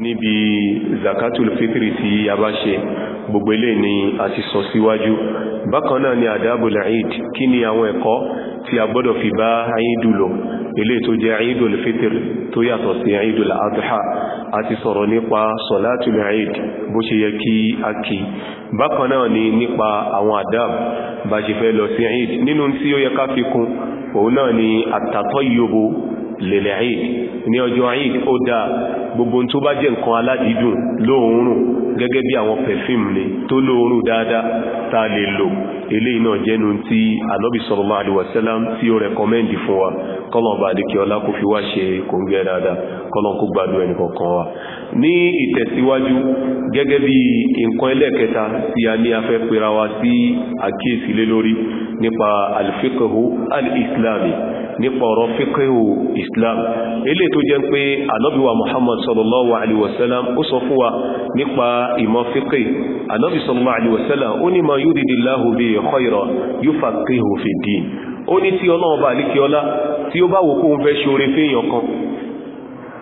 níbi zakatul fitri tí a bá ṣe gbogbo ilé ni a ti sọ síwájú bákan náà ni adabul eid kí ni àwọn ẹ̀kọ́ tí a gbọ́dọ̀ fi bá aidu lò ilé tó jẹ́ aidul fitri tó yàtọ̀ sí aidul adha a ti sọ̀rọ̀ nípa solatul eid bó ṣe yẹ kí a kí bákan náà ni nípa àwọn adab bá ṣe fẹ́ lọ sí eid nínú tí ó yẹ ká fi òun náà ni àtàtọ́ yóbo lèlẹ̀ eid ní ọjọ́ eid ó dá gbogbo tó bá jẹ́ nǹkan aládìídùn lóòórùn gẹ́gẹ́ bí àwọn perfume ni tó lóòórùn dáadáa ta lè lò ilé iná jẹ́nu tí Ànọ́bì sallallahu alaihi wasallam tí ó kọ́lọ̀ kó gbádùn ẹni kọ̀ọ̀kan wa ní ìtẹ̀síwájú gẹ́gẹ́ bí nǹkan ẹlẹ́ẹ̀kẹta tí a ní afẹ́ pera wa sí àkíyèsí lé lórí nípa alfiqhu al-islami nípa ọ̀rọ̀ fíkíhù islam ilé tó jẹ́ pé ànábì wa muhammad sallallahu alaihi wasallam ó sọ fún wa nípa ìmọ̀ fíkí ànábì sallallahu alaihi wasallam ó ní ma yuridillahu bihi khayran yufaqqihhu fid din ó ní tí ọlọ́ọ̀bá àlíkíọlá tí ó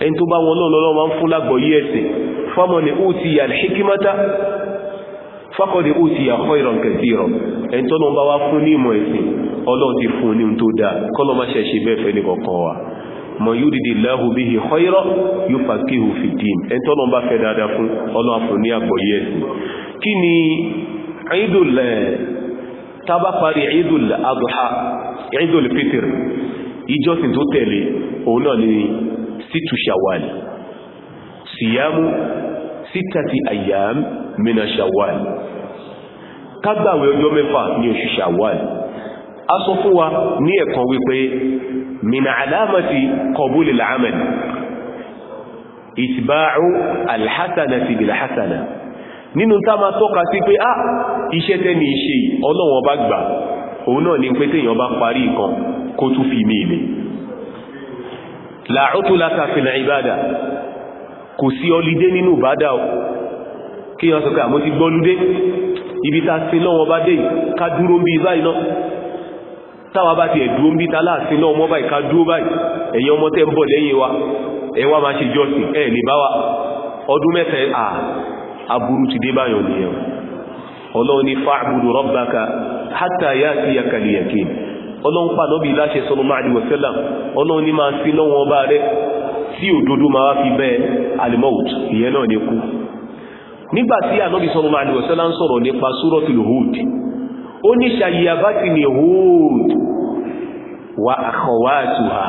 ẹni tó bá wọn náà lọ́lọ́ wọn fún lágbọ̀yí ẹ̀sìn fọ́mọ̀ni ó ti yà hikimata fọ́kọ̀dé ó ti yà kọ́ ìrọ̀n kẹsí ìrọ̀ ẹni tọ́nà bá wá fún ní ìmọ̀ ẹ̀sìn ọlọ́run ti fún ní tó dáa kọ́lọ́ Eidul Adha Eidul Fitr ìjọsìn tó tẹ̀lé òun náà ni situ shawal siyamu sitati ayyam mina shawal kágbàwẹ̀ ọjọ́ mẹ́fà ní oṣù shawal a sọ fún wa ní ẹ̀kan wípé mina alamati kọbúlì la'amal ìtìbá'u alhassana ti bilhassana nínú tá ma tọ́ka sí pé ah iṣẹ́ tẹ́ni iṣẹ́ ọlọ́wọ́n bá gbà òun náà ni pé tẹ́yàn bá parí ìkan kó tún fi mí ilé láàrútùlátà fi ìbádà kò sí ọlídé nínú ìbádà ọ̀ kí yọ́ sọ́kà mo ti gbọ́lúdé ibi ta sin náà wọ́n bá dé ká dúró bí ibá iná táwa bá ti ẹ̀dúró bí ta láàsin náà wọ́n báyìí ká dúró báyìí ẹ̀yin ọmọ tẹ́ ń bọ̀ lẹ́yìn ọlọ́run pa nọ́bí láṣẹ sọ́nà máa ní wẹ̀fẹ́lá ọlọ́run ní máa sí lọ́wọ́ ọba rẹ̀ tí òdodo máa fi bẹ́ alimout ìyẹn náà ní kú nígbàtí ànọ́bí sọ́nà máa ní wẹ̀fẹ́lá ń sọ̀rọ̀ nípa súrọ́tìlù Hud wa àkọwàtùhà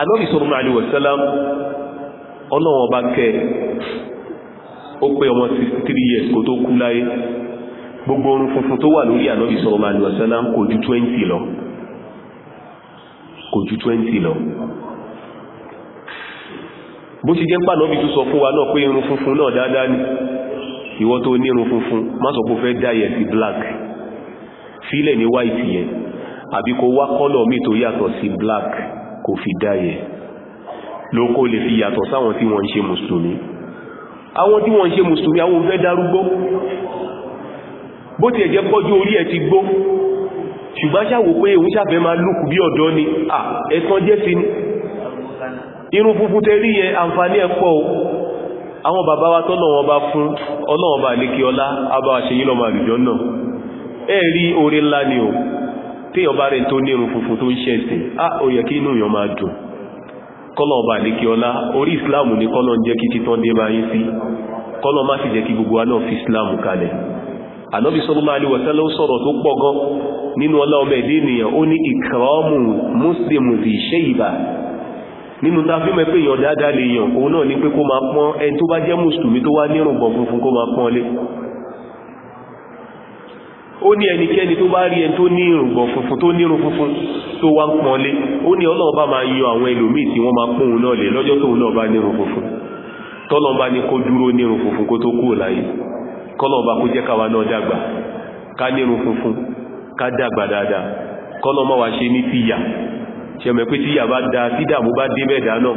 ànọ́bí sọ́nà máa ní wẹ̀fẹ́lá ọlọ́run ọba kẹ ó pé ọmọ gbogbo orun funfun tó wà lórí ànábì sọ́rọ̀ máa lù ọ̀sán náà kò ju 20 lọ kò ju 20 lọ bó ti jẹ́ pà náà bí tó sọ fún wa náà pé irun funfun náà dáadáa ni ìwọ tó ní irun funfun má sọ pé fẹ́ dáyẹ̀ sí black sílẹ̀ ní white yẹn àbí kó wá kọ́lọ̀ mí tó yàtọ̀ sí black kò fi dáyẹ̀ ló kó lè fi yàtọ̀ sáwọn tí wọ́n ń ṣe mùsùlùmí àwọn tí wọ́n ń ṣe mùsùlùmí àwọn fẹ́ dárúgbó bó ti ẹ̀jẹ́ pọ́jú orí ẹ̀ ti gbó ṣùgbọ́n ṣàwò pé òun ṣàfẹ́ máa lùkù bí ọ̀dọ́ ni à ẹ̀sán jẹ́ ti ní irun funfun tẹ rí yẹn àǹfààní ẹ̀pọ̀ àwọn bàbá wa tọ́nà wọn bá fún ọlọ́wọ́n bá lékè ọlá abá àṣeyí lọ màrìjọ náà ẹ̀ ni o téèyàn bá rẹ̀ tó ní irun funfun tó ń kọ́lọ̀ má sì jẹ́ kí gbogbo wa fi ìsìláàmù kalẹ̀ ànábì sallallahu alaihi wasallam sọ̀rọ̀ tó pọ̀ gan nínú ọlá ọmọ ẹ̀dẹ́ ènìyàn ó ní ìkàrọ́mù mùsùlùmù fi ṣe ìbà nínú ta fí mẹ́pẹ́ dáadáa lè yàn òun náà ni pé kó máa pọ́n ẹni tó bá jẹ́ mùsùlùmí tó wá nírùngbọ̀n funfun kó máa pọ́n lé ó ní ẹnikẹ́ni tó bá rí ẹni tó ní ìrùngbọ̀n funfun tó nírun funfun tó wá ń pọn lé ó ní Ọlọ́run bá máa yọ àwọn kọ́lọ̀ọba kó jẹ́ káwa náà dàgbà ká nírun funfun ká dàgbà dáadáa kọ́lọ̀ má wa ṣe ní tíyà ṣẹmẹ̀ pé tíyà bá dáa tídàmú bá dé mẹ́dà náà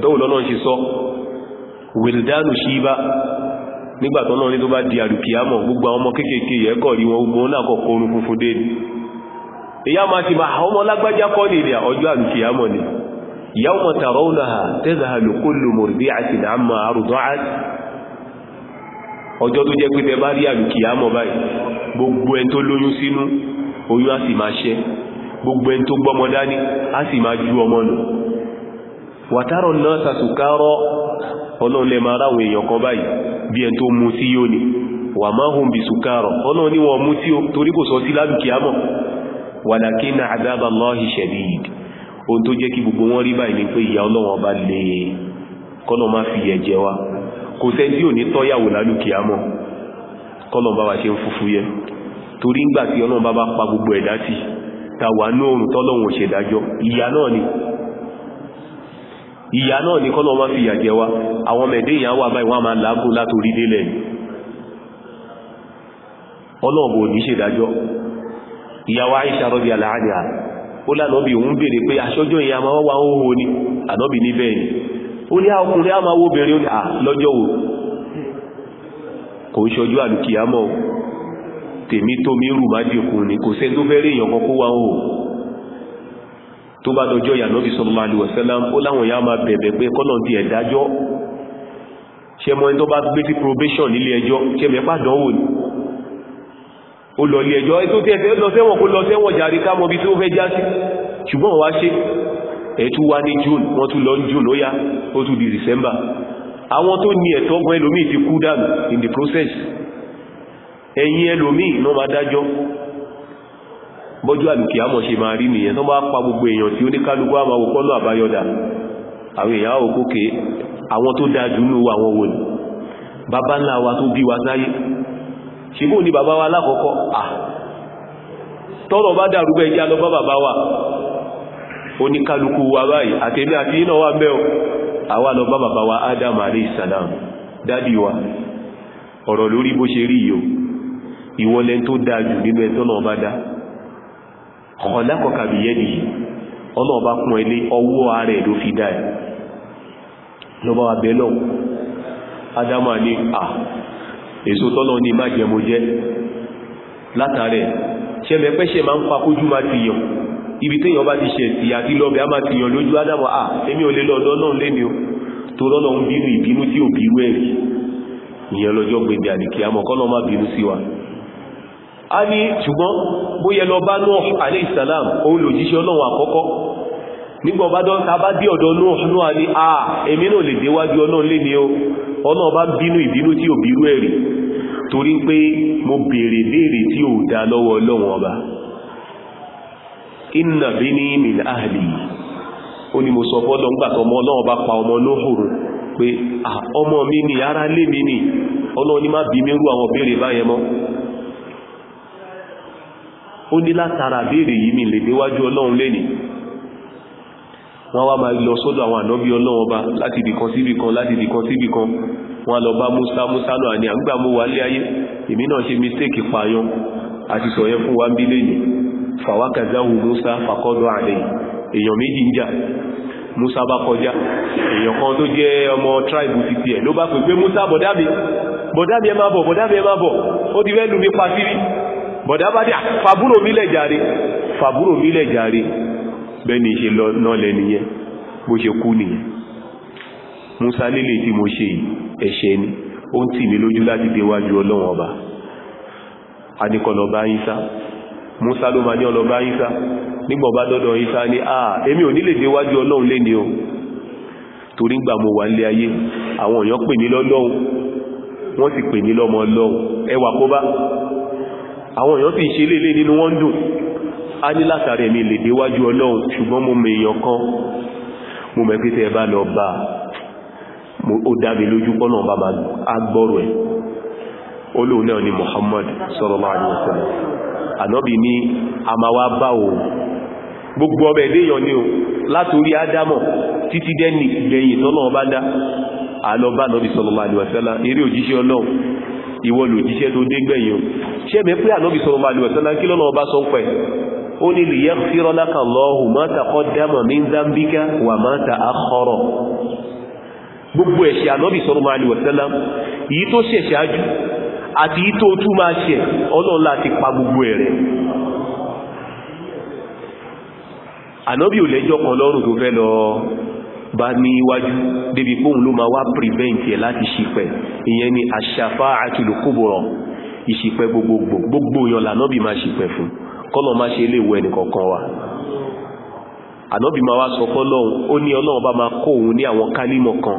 bẹ́wọ̀lọ́nà ṣe sọ wìldánù ṣíbá nígbàtọ́ náà ní tó bá di àrùkìyàmọ̀ gbogbo àwọn ọmọ kéèkéèké ẹ̀kọ́ rí wọn gbogbo máa ti máa ọmọ lágbájá kọ́ ní ọjọ́ àrùkìyàmọ̀ ni yawma tarawnaha tadhhalu kullu murdi'atin amma arda'at ọjọ́ tó jẹ́ pé tẹ bá rí àlùkìyàmọ̀ báyìí gbogbo ẹn tó lóyún sínú oyún á sì máa ṣẹ́ gbogbo ẹn tó gbọ́mọ dání á sì máa ju ọmọ nù wàtàrọ̀ náà sàtùkárọ̀ ọlọ́ọ̀lẹ́ máa ráwọn èèyàn ohun tó jẹ́ kí gbogbo wọn rí báyìí ni pé ìyà ọlọ́wọ́n ọba lè kọ́nà má fi yẹ jẹ wa kò sẹ́ tí ò ní tọ́yàwó lálùkìá mọ́ kọ́nà bá wa ṣe ń fúfú yẹ torí ńgbà tí ọlọ́run bá bá pa gbogbo ẹ̀dá tì tàwà ní oòrùn tọ́lọ́run ò ṣèdájọ́ ìyà ìyàwó Aisha rọ́bí aláàdìá ó lánàbí òun bèèrè pé aṣọ́jọ́ ìyá ma wọ́n wá ń ho ní ànàbí ní bẹ́ẹ̀ ni ó ní ọkùnrin a máa wó obìnrin ó ní à lọ́jọ́ wo kò ń ṣojú àlùkìyàmọ́ tèmi tó mi rù má dìkùn ni kò sẹ́ tó fẹ́rẹ̀ èèyàn kan kó wá ń ho tó bá dọjọ́ ìyànàbí sallallahu alaihi wasallam ó láwọn ìyá máa bẹ̀bẹ̀ pé kọ́nà ti ẹ̀dájọ́ ṣẹmọ́ ẹni tó bá gbé sí ó lọ ilé ẹjọ́ tó tẹ́ fẹ́ lọ sẹ́wọ̀n kó lọ sẹ́wọ̀n jàrí ẹ̀tú wá ní June wọ́n tún lọ ní June ó yá ó tún di December àwọn tó ní ẹ̀tọ́ ọgbọ́n ẹlòmí ti kú dànù in the process ẹ̀yìn ẹlòmí náà máa dájọ́ bọ́jú àlùkì àmọ̀ ṣe máa rí nìyẹn tó bá pa gbogbo èèyàn tí ó ní kálukú àmà òpópónà àbáyọ̀dà àwọn èèyàn òkókè àwọn ṣìbò ní bàbá wa lákọ̀ọ́kọ́ à ah. tọ́rọ bá dàrúgbẹ́ ìjá lọ bá bàbá wa oníkálukú wa báyìí àtẹ́mí àti iná wa mẹ́ àwa lọ bá bàbá wa Adam alayhi salam dádì wa ọ̀rọ̀ lórí bó ṣe rí yìí o ìwọlẹ̀ tó dájú nínú ẹ̀tọ́ náà bá dá khalaqaka biyadihi ọlọ́ọ̀bá kún ẹlé ọwọ́ ààrẹ èso tọ́lọ ní má jẹ látàrẹ ṣẹ́mẹ̀ pẹ́ṣẹ́ ma ń pa kójú ma ti yàn ibi téèyàn bá ti ṣẹ̀ sí àti lọ́bẹ̀ a ma ti yàn lójú ádámọ̀ à èmi ò lè lọ́dọ́ náà lẹ́ni o tó rọ́lọ́ ń bínú ìbínú tí ò bírú ẹ̀rí ìyẹn lọ́jọ́ gbẹ̀dẹ̀ àdìkì àmọ́ kọ́lọ́ má bínú nígbà ọba dán ta bá dí ọ̀dọ̀ náà ní à èmi náà lè déwájú lé ní o ọ̀nà ọba bínú ìbínú tí ò rú ẹ̀rì torí pé mo bèèrè léèrè tí ò dá lọ́wọ́ ọlọ́run ọba bí ní ó ní mo sọ ń gbàtọ̀ ọmọ pa ọmọ mi ni ara lé mi ni ní má bí mi rú àwọn béèrè báyẹn mọ́ ó ní látara béèrè yìí mi lè déwájú ọlọ́run wọ́n wá máa lọ sọ́dọ̀ àwọn ànábí ọlọ́wọ́ bá láti ibìkan sí ibìkan láti ibìkan sí ibìkan wọ́n lọ bá Musa Musa náà ní àgbà mú wà lé ayé èmi náà ṣe mistake pààyàn àti sọ̀yẹ́ fún wa ń bí lẹ́yìn fàwákàzáhù Musa fàkọ́dọ̀ àlẹ́ èèyàn méjì ń jà Musa bá kọjá èèyàn kan tó jẹ́ ọmọ tribe títí ẹ̀ ló bá pè pé Musa bọ̀dábì bọ̀dábì ẹ má bọ̀ bọ̀dábì ẹ má bọ̀ ó ti fẹ́ lù bẹ́ni ṣe lọ náà lẹ́niyẹn bó ṣe kú nìyẹn Musa lélè tí mo ṣe ẹ̀ṣẹ̀ ni ó ń tì mí lójú láti déwájú Ọlọ́run ọba adìkọlọba Isa Musa ló ma ní ọlọba Isa nígbọ̀bá dọ́dọ̀ Isa ní àà èmi ò nílè déwájú Ọlọ́run lé ní o torí gbà àwọn èèyàn pè mí lọ́lọ́run wọ́n sì pè mí lọ́mọ Ọlọ́run ẹwà kó bá àwọn èèyàn sì ṣe lélè nínú wọ́n dùn a ní látàrí mi lè déwájú ọlọ́run ṣùgbọ́n mo mèèyàn kan mo mẹ́ pé tẹ́ bá lọ bá ó dábí lójú pọ́nà bá ma agbọ́rù ẹ̀ olóòun náà ni Muhammad sallallahu alaihi wasallam ànábì ní a ma wá bá o gbogbo ọmọ ẹ̀dẹ́yàn ni o látorí ádámọ̀ títí dẹ́ni gbẹ̀yìn alaihi wasallam eré òjíṣẹ́ ọlọ́run ìwọ lòjíṣẹ́ tó dé gbẹ̀yìn o ṣẹ́mẹ́ alaihi wasallam kí lọ́nà ọba ó ní liyaghfira laka Allahu ma taqaddama min dhanbika wa ma ta'akhkhara gbogbo ẹ̀ṣẹ̀ ànábì sallallahu alaihi wasallam èyí tó ṣẹ̀ ṣáájú àti èyí tó tún máa ṣẹ̀ ọlọ́run láti pa gbogbo ẹ̀rẹ̀ ànábì ò lẹ́jọ́ kan lọ́rùn tó fẹ́ lọ bá ní iwájú débi póhùn ló ma wá prevent ẹ̀ láti ṣìpẹ̀ ìyẹn ni àṣàfáà àtùlùkúbọ̀rọ̀ ìṣìpẹ̀ gbogbogbò gbogbo yọ̀lá náà máa ṣìpẹ̀ fún kọ́lọ̀ má ṣe léwọ ẹnìkọ̀ọ̀kan wa ànábì máa wá sọ fọ́lọ́hun ó ní ọlọ́run bá máa kó òun ní àwọn kálímọ̀ kan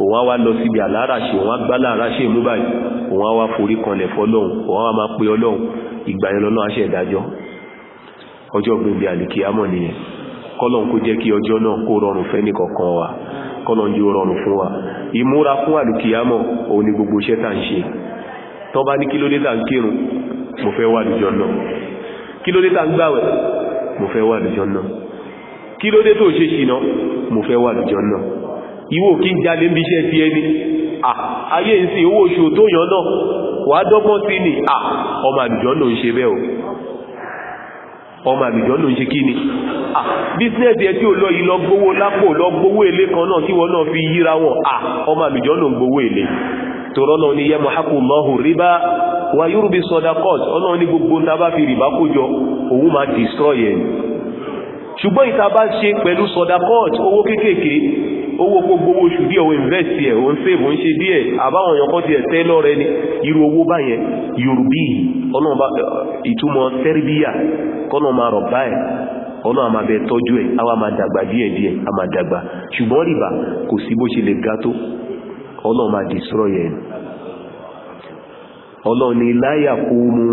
òun á wá lọ síbi àláràṣe òun á gbá láàráṣe mú báyìí òun á wá forí kanlẹ̀ fọ́lọ́hun òun á máa pe ọlọ́run ìgbà yẹn lọ́nà àṣẹ ìdájọ́ ọjọ́ gbogbo àlìkíyàmọ̀ nìyẹn kọ́lọ̀ kó jẹ́ kí ni gbogbo iṣẹ́ tá mo fẹ́ wà lùjọ náà kí ló dé tá ń gbàwẹ̀ mo fẹ́ wà lùjọ́ náà kí ló dé tó ṣe ṣìnà mo fẹ́ wà lùjọ́ náà ìwọ kí ń jalè ń bí iṣẹ́ ti ẹni ayé ìsìn owó oṣù tó yàn náà wà dọ́gbọ́n sí ni ọmọ àlùjọ́ náà ń ṣe bẹ́ẹ̀ ọmọ àbìjọ́ ló ń ṣe kí ni bísínẹ́sì ẹ tí ó lọ ìlọ gbówó lápò lọ gbówó ilé kan náà tí wọ́n náà fi yíra wọn ọmọ àbìjọ́ ló ń gbówó ilé tòrọ náà ni yẹmọ hapun mahu riba wa yorùbá sọdá court ọ̀nà ní gbogbo ntaba fi riba kójọ òun máa destroy ẹ ṣùgbọ́n ìtaba ṣe pẹ̀lú sọdá court owó kéékèèké owó kó gbówó oṣù díẹ̀ o invest ẹ̀ o ń save o ń ṣe díẹ̀ àbáwọn èèyàn kan ti ẹ̀ tẹ́ lọ́rẹ́ ni irú owó báyẹn yorùbí ọlọ́ọ̀bá ìtumọ̀ sẹ́ríbíyà kọ́nà máa rọ̀ báyẹ̀ ọ̀nà àmà bẹ̀ tọ́jú ẹ̀ àwa máa dàgbà díẹ̀ a máa dàgbà destroy ẹ̀ ọlọ́ọ̀ ni láyà kó mú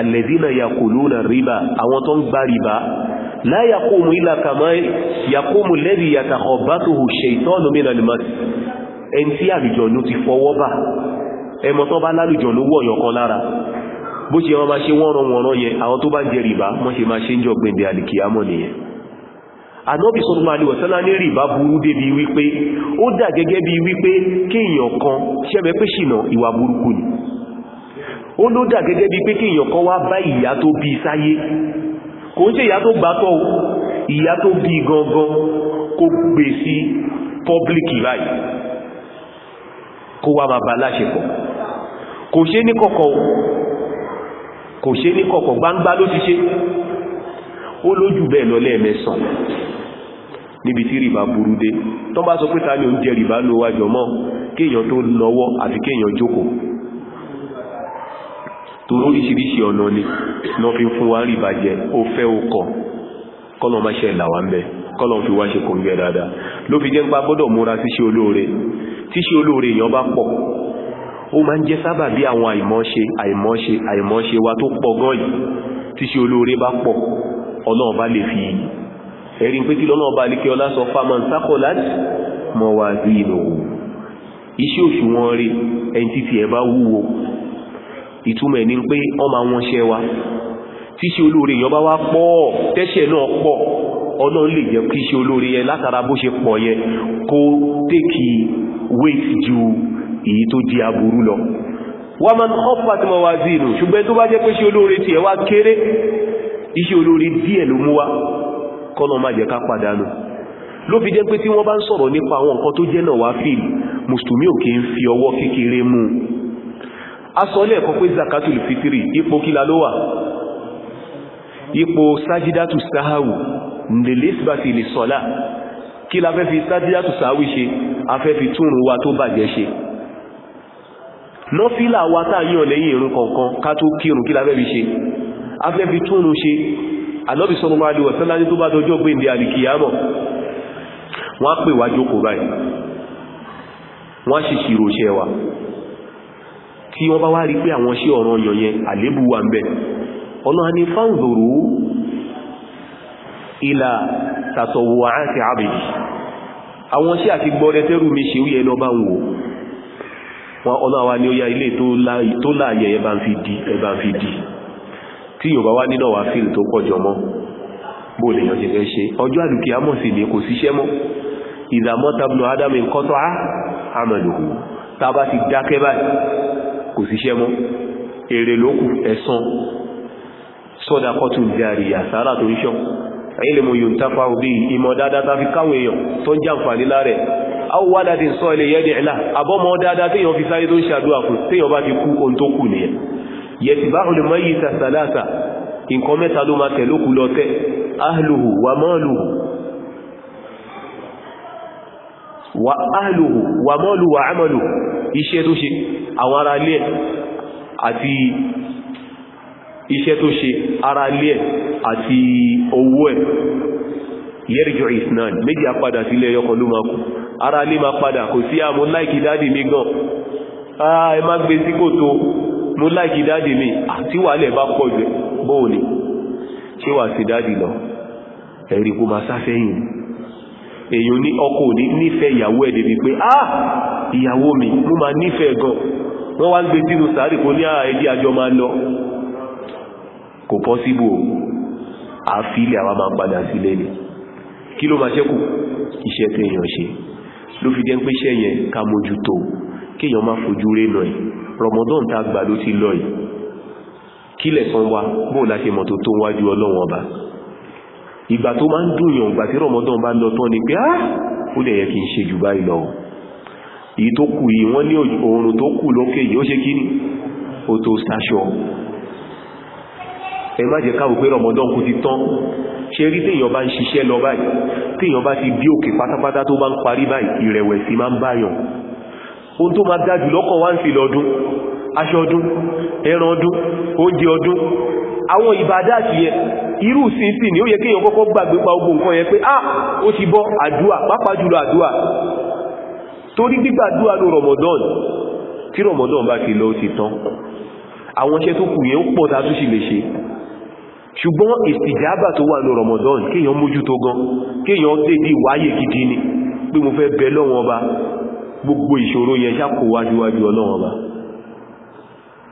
alẹ́dínà yàkùlú na la yaqumu illa kama yaqumu alladhi yatakhabbathu shaytanu min al-mas ẹni tí àlùjọ̀nú ti fọwọ́ bà ẹmọ tó bá lálùjọ̀nú wọ̀yàn kan lára bó ṣe wọ́n máa ṣe wọ́n rán wọ́n yẹn àwọn tó bá jẹ rìbá wọ́n ṣe máa ṣe ń jọ gbẹ̀ndẹ̀ àlìkìyàmọ̀ nìyẹn ànọ́bì sọ́dún máa lè wọ̀sánlá ní rìbá burú débi wípé ó dà gẹ́gẹ́ bí wípé kéèyàn kan ṣẹ́mẹ́ pé ṣìnà ìwà burúkú ni ó ló dà gẹ́gẹ́ bí pé kéèyàn kan wá bá ìyá tó bí sáyé kò ń ṣe ìyá tó gbátọ́ ìyá tó bí gangan kó gbé sí pọ́blíkì báyìí kó wá máa bá láṣepọ̀ kò ṣe ní kọ̀kọ̀ kò ṣe ní kọ̀kọ̀ gbangba ló ti ṣe ó lójú bẹ́ẹ̀ lọ lẹ́ẹ̀mẹ́sàn níbi tí rìbá burú dé tó bá sọ pé ta ni ó ń jẹ rìbá lówájọ mọ́ kéèyàn tó lọ́wọ́ àti kéèyàn jókòó torí oríṣiríṣi ọ̀nà ni lọ́ fi fún wa rí ìbàjẹ́ ó fẹ́ ó kọ̀ kọ́lọ̀ máa ṣe ìlàwà ń bẹ kọ́lọ̀ fi wá ṣe kò ń gẹ́ dáadáa ló fi jẹ́ ń pa gbọ́dọ̀ múra sí ṣe olóore tí ṣe olóore èèyàn bá pọ̀ ó máa ń jẹ́ sábà bí àwọn àìmọ́ṣe àìmọ́ṣe àìmọ́ṣe wa tó pọ̀ gan yìí tí olóore bá pọ̀ ọlọ́ọ̀bá lè fi yìí pé kí lọ́nà ọba ìtumọ̀ ní pé wọ́n máa wọ́n ṣẹ́ wa tí ṣe olóore èèyàn bá wá pọ̀ tẹ́ṣẹ̀ náà pọ̀ ọ̀nà lè jẹ́ kí ṣe olóore yẹn látara bó ṣe pọ̀ yẹn kó tèkì wéètì ju èyí tó di aburú lọ wọ́n máa ń ọ́pàá tí mo wá sí inú ṣùgbọ́n tó bá jẹ́ pé ṣe olóore tiẹ̀ wá kéré iṣẹ́ olóore díẹ̀ ló mú wá kọ́nà má jẹ́ ká pàdánù ló fi jẹ́ pé tí wọ́n bá ń sọ̀rọ̀ nípa àwọn nǹkan tó jẹ́ náà wá fíìlì mùsùlùmí ò ń fi ọwọ́ kékeré mú un asọ́lẹ̀ ẹ̀kọ́ pé zakatul fitri ipò kí la ló wà ipò sájídátù sáháwù nílẹ̀lẹ́sìbàtì lè sọ́lá kí la fẹ́ fi sájídátù sáháwù ṣe a fẹ́ fi túnrù wa tó bàjẹ́ ṣe nọ́fílà wa táyàn lẹ́yìn ìrun kọ̀ọ̀kan ká tó kírun kí la fẹ́ fi ṣe a fẹ́ wọ́n á pè wá jókòó báyìí wọ́n á ṣe ṣìròṣẹ́ wa tí wọ́n bá wá rí pé àwọn ṣe ọ̀ràn ọ̀yàn yẹn àlébù wà ń bẹ̀ ọlọ́ha ni fáǹzòrò ìlà tàtọ̀wò àti àbìdì àwọn ṣe àti gbọ́rẹ̀ tẹ́rù mi ṣe wúyẹ lọ́bá ń wò wọn ọlọ́wà ní ó yá ilé tó láàyẹ ẹbá ń fi di ẹbá ń fi tí yóò bá wá nínà wà fíìlì tó pọ̀jọ mọ́ bó lèyàn ti fẹ́ ṣe ọjọ́ àdùkì àmọ̀ sí ni kò síṣẹ́ mọ́ ìdàmọ́ tabnu adam nkọ́tọ́ àmàlùkù tá a bá ti dákẹ́ báyìí kò síṣẹ́ mọ́ èrè lókù ẹ̀san sọ́dakọ́tù jàrí àsára tó ríṣọ́ ilmu yuntafa bí ìmọ̀ dáadáa ta fi káwọn èèyàn tó ń jàǹfàní lárẹ̀ awọ́wádádín sọ ilẹ̀ yẹ́dẹ̀ ẹ̀lá àbọ́mọ̀ dáadáa tí yàn fi sáré tó ń ṣàdúwà fún ahluhu wa wà áàlùhù wà mọ́lù wà ámàlù iṣẹ́ tó ṣe àwọn ará ilé ẹ̀ àti iṣẹ́ tó ṣe ará ilé ẹ̀ àti owó ẹ̀ yẹ́rìjọ ìsìnàn méjì apadà sílẹ̀ ẹyọkan ló máa kù ará ilé máa padà kò sí àmú láìkì dáàdì mi gan ah, ẹ má gbé sí kòtò mú láìkì dáàdì mi àti wà lẹ̀ bá pọ̀ jù bóòlì ṣé wà sí dáàdì lọ ẹ̀rí kó máa sáfẹ́yìn èyàn ní ọkọ ní nífẹ̀ẹ́ ìyàwó ẹ̀ débi pé ah ìyàwó mi mú ma nífẹ̀ẹ́ gan wọ́n wá ń gbé sínú sàárì kó ní àà ah, ẹdí àjọ máa lọ kò pọ́síbò àfílẹ̀ àwọn máa padà sílé ni kí ló máa ṣẹ́kù iṣẹ́ tí èyàn ṣe ló fi jẹ́ pé iṣẹ́ yẹn ká mójútó kéèyàn má fojú rénà ẹ̀ rọmọdán tá gbà ló ti lọ yìí kílẹ̀ san wa bóò láṣe mọ̀ tó tó wájú ọlọ́wọ́n ọba ìgbà tó máa ń dùnyàn ìgbà tí rọmọdán bá lọ tán ni pé á ah, ó lè yẹ kí n ṣe jù báyìí lọ èyí tó kù yìí wọ́n ní oòrùn tó kù lókè yìí ó ṣe kí ni ó tó sáṣọ ẹ má jẹ́ káwò pé rọmọdán kú ti tán ṣe rí téèyàn bá ń ṣiṣẹ́ lọ báyìí téèyàn bá ti bí aṣọ ọdún ẹran ọdún oúnjẹ ọdún àwọn ìbádà àti yẹ irú sí sí ni ó yẹ kéèyàn kọ́kọ́ gbàgbé pa ogun nǹkan yẹn pé ah ó ti bọ́ àdúà pàápàá jùlọ àdúà torí gbígbàdúà ló Ramadan tí Ramadan bá ti lọ ti tán àwọn iṣẹ́ tó kù yẹn ó pọ̀ tá tó sì lè ṣe ṣùgbọ́n ìsìjábà tó wà ní Ramadan kéèyàn mójútó gan kéèyàn dédé wáyé gidi ni pé mo fẹ́ bẹ lọ́wọ́n ọba gbogbo ìṣòro yẹn ṣàkówájúwájú ọlọ́wọ́n ọba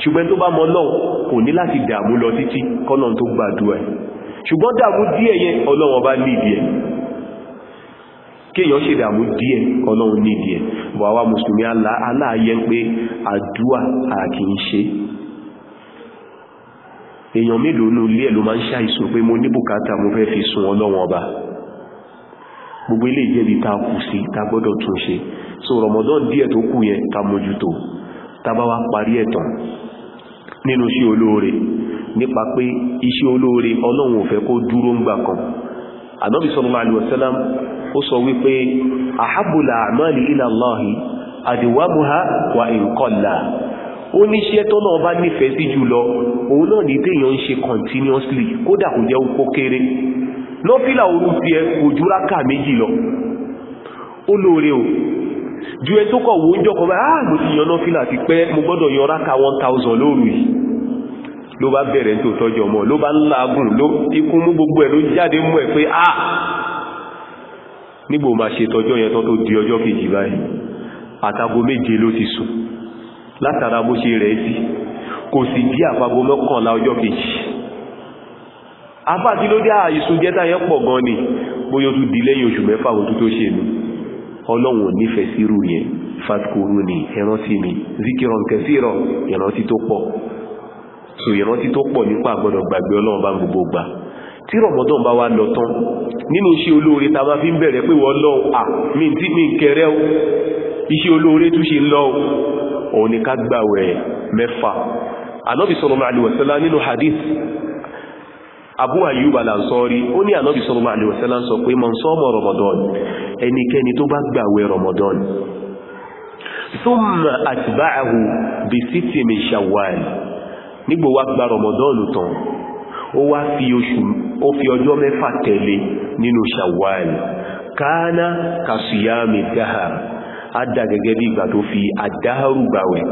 ṣùgbọ́n tó bá mọ náà kò ní láti dààmú lọ títí kọ́nà tó gbàdúrà ẹ̀ ṣùgbọ́n dààmú díẹ̀ yẹn ọlọ́run bá nídìí ẹ̀ kéèyàn ṣe dààmú díẹ̀ ọlọ́run nídìí ẹ̀ bọ̀ àwa mùsùlùmí aláàyẹ pé àdúà àkì ń ṣe èèyàn mélòó nú ilé ẹ̀ ló máa ń ṣàìsùn pé so Ramadan díẹ̀ tó kù yẹn tàbá wá parí ẹ̀tàn nínú iṣẹ́ olóore nípa pé iṣẹ́ olóore ọlọ́run ò fẹ́ kó dúró ń gbà kan ànábì sallallahu alaihi wasallam ó sọ wípé ahabbul a'mali ila Allahi adwamuha wa in qalla ó ní iṣẹ́ tọ́nà ọba nífẹ̀ẹ́ sí jùlọ òun náà ní téèyàn ń ṣe continuously kódà kò jẹ́ ó kéré lọ́fílà orú ti ẹ òjúrákà méjì lọ olóore o ju ẹ tó kọ̀ wó ń jọ́kọ̀ bá ààbò ti yọ náfílà ti pẹ́ mo gbọ́dọ̀ yọ ráka 1000 lóru yìí ló bá bẹ̀rẹ̀ tó tọ́jọ mọ́ ló bá ń lágùn ló ikú mú gbogbo ẹ̀ ló jáde mú ẹ̀ pé ah nígbò máa ṣe tọ́jọ́ yẹn tán tó di ọjọ́ kejì báyìí àtago méje ló ti sùn látara bó ṣe rẹ̀ sí kò sì bí àfago mọ́kànlá ọjọ́ kejì afá ọlọ́run ò nífẹ̀ẹ́ sírú yẹn fàtkúrú ni ẹ̀rántí mi zikiran kẹsíran ìrántí tó pọ̀ so ìrántí tó pọ̀ nípa àgbọ́dọ̀ gbàgbé ọlọ́run bá ń gbogbo gbà tí rọ̀mọ́dọ̀ bá wá lọ tán nínú iṣẹ́ olóore ta bá fi ń bẹ̀rẹ̀ pé wọ́n lọ́un à mí tí mi kẹrẹ iṣẹ́ olóore tún ṣe lọ òun ni ká gbàwẹ̀ mẹ́fà Ànábì sallallahu alaihi wasallam nínú hadith abu ayyub alansori ó ní ànábì sallallahu alaihi wasallam sọ pé man soma ramadan ẹnikẹ́ni tó bá gbàwẹ̀ ramadan thumma atba'ahu bi sitti min shawwal nígbò wá gba ramadan tán ó wá fi oṣù ó fi ọjọ́ mẹ́fà tẹ̀lé nínú shawwal kana kasiyami dahar adá gẹ́gẹ́ bí ìgbà tó fi adáharu gbàwẹ̀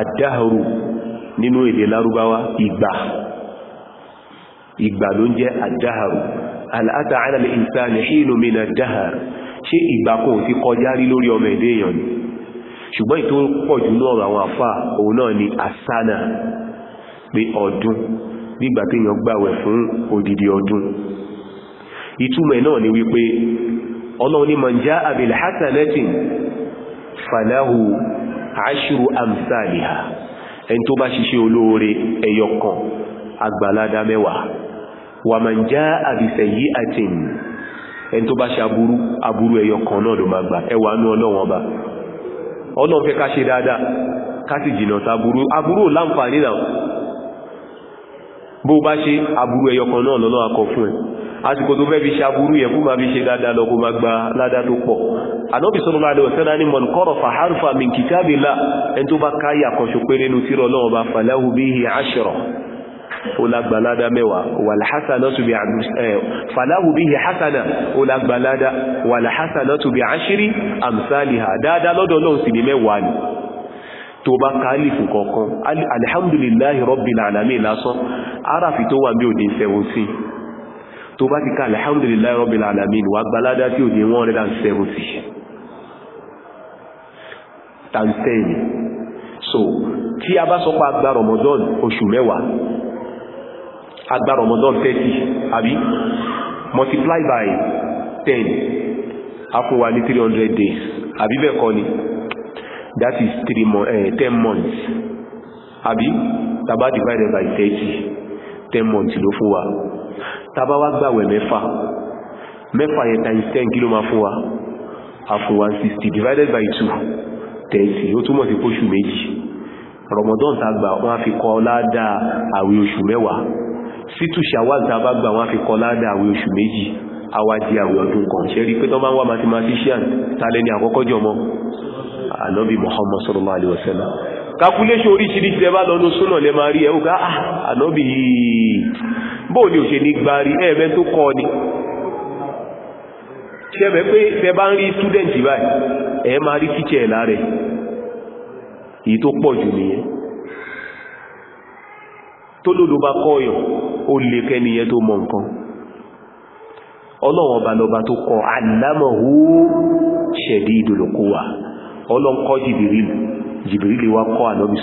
adáharu nínú èdè lárúbáwá ìgbà ìgbà ló ń jẹ́ àdáhàrù aláta alàlẹ̀ ìsáàlẹ̀ hìnú mi náà dáhàrù ṣé ìgbà kò ti kọjá rí lórí ọmọ èdè èèyàn ni ṣùgbọ́n ìtò pọ̀jù náà àwọn àfà òun náà ni asana pé ọdún nígbà tí èèyàn gbàwẹ̀ fún odidi ọdún ìtumẹ̀ náà ni wípé ọlọ́run ní man já àbìlẹ̀ hasanatin amsaliha ẹni tó bá ṣiṣẹ́ olóore ẹyọkan àgbàládá mẹ́wàá wà máa ń já àbìfẹ̀ yí àtìn ẹni tó bá ṣe aburú aburú ẹyọ kan náà ló máa gbà ẹwà ní ọlọ́wọ́n ọba ọlọ́run fẹ́ ká ṣe dáadáa ká sì jìnà sáburú aburú ò láǹfààní náà bó bá ṣe aburú ẹyọ kan náà lọ́nà akọ fún ẹ àsìkò tó fẹ́ fi ṣe si yẹ kó máa fi ṣe dáadáa lọ kó máa gba ládá tó pọ̀ ànábì sallallahu alaihi wasallam ní ó lágbàládá mẹ́wàá wàlhásánátù bí fàláhù bí i hásánà ó lágbàládá wàlhásánátù bí aṣírí àmsáàlìhà dáadáa lọ́dọ̀ lọ́n sì ní mẹ́wàá ni tó bá kálífù kọ̀ọ̀kan alhamdulillahi rabbil alamin lásán arafi tó wà bí òdín 17 tó bá ti ká alhamdulillahi rabbil alamin wà gbaládá tí òdín 170 tàǹtẹ́ẹ̀ni so tí a bá sọpá gba ramadan oṣù mẹ́wàá agbá Ramadan 30 àbí multiply by 10 afúnwa ní 300 days àbí bẹ́ẹ̀ kọ́ ni that is 3 mo eh, 10 months àbí tàbá divided by 30 10 months ló fún wa tàbá wá gbàwẹ̀ mẹ́fà mẹ́fà yẹn times 10 kí ló máa fún wa afúnwa 60 divided by 2 30 ó túmọ̀ sí póṣù méjì Ramadan tàgbà wọ́n á fi kọ́ ládàá àwẹ̀ oṣù mẹ́wàá sítù ṣàwà tàbá gbà wọ́n fi kọ ládà àwẹ̀ oṣù méjì awájí àwẹ̀ ọdún kan ṣe rí pé tọ́ bá wà mathematician tààlẹ́ ni àkọ́kọ́ jọmọ́ ànábì Muhammad sallallahu alaihi wasallam calculation oríṣiríṣi tẹ́ bá lọ́nu súnà lẹ máa rí ẹ̀ ọgá ah, ànábì bóò ni ò ṣe ní gbárí ẹ̀ẹ̀mẹ́ tó kọ́ ni ṣẹ́bẹ̀ pé tẹ́ bá ń rí student báyìí ẹ̀ máa rí teacher tó pọ̀ jù nìyẹn tó lòdó bá kọ́yàn ó lè kẹ́niyẹ tó mọ nǹkan ọlọ́wọ̀n balọba tó kọ alámọ̀hú ṣẹ̀dí ìdòlòkúwà ọlọ́nkọ́ jìbìrìlù jìbìrìlù wá kọ́ ànọ́bì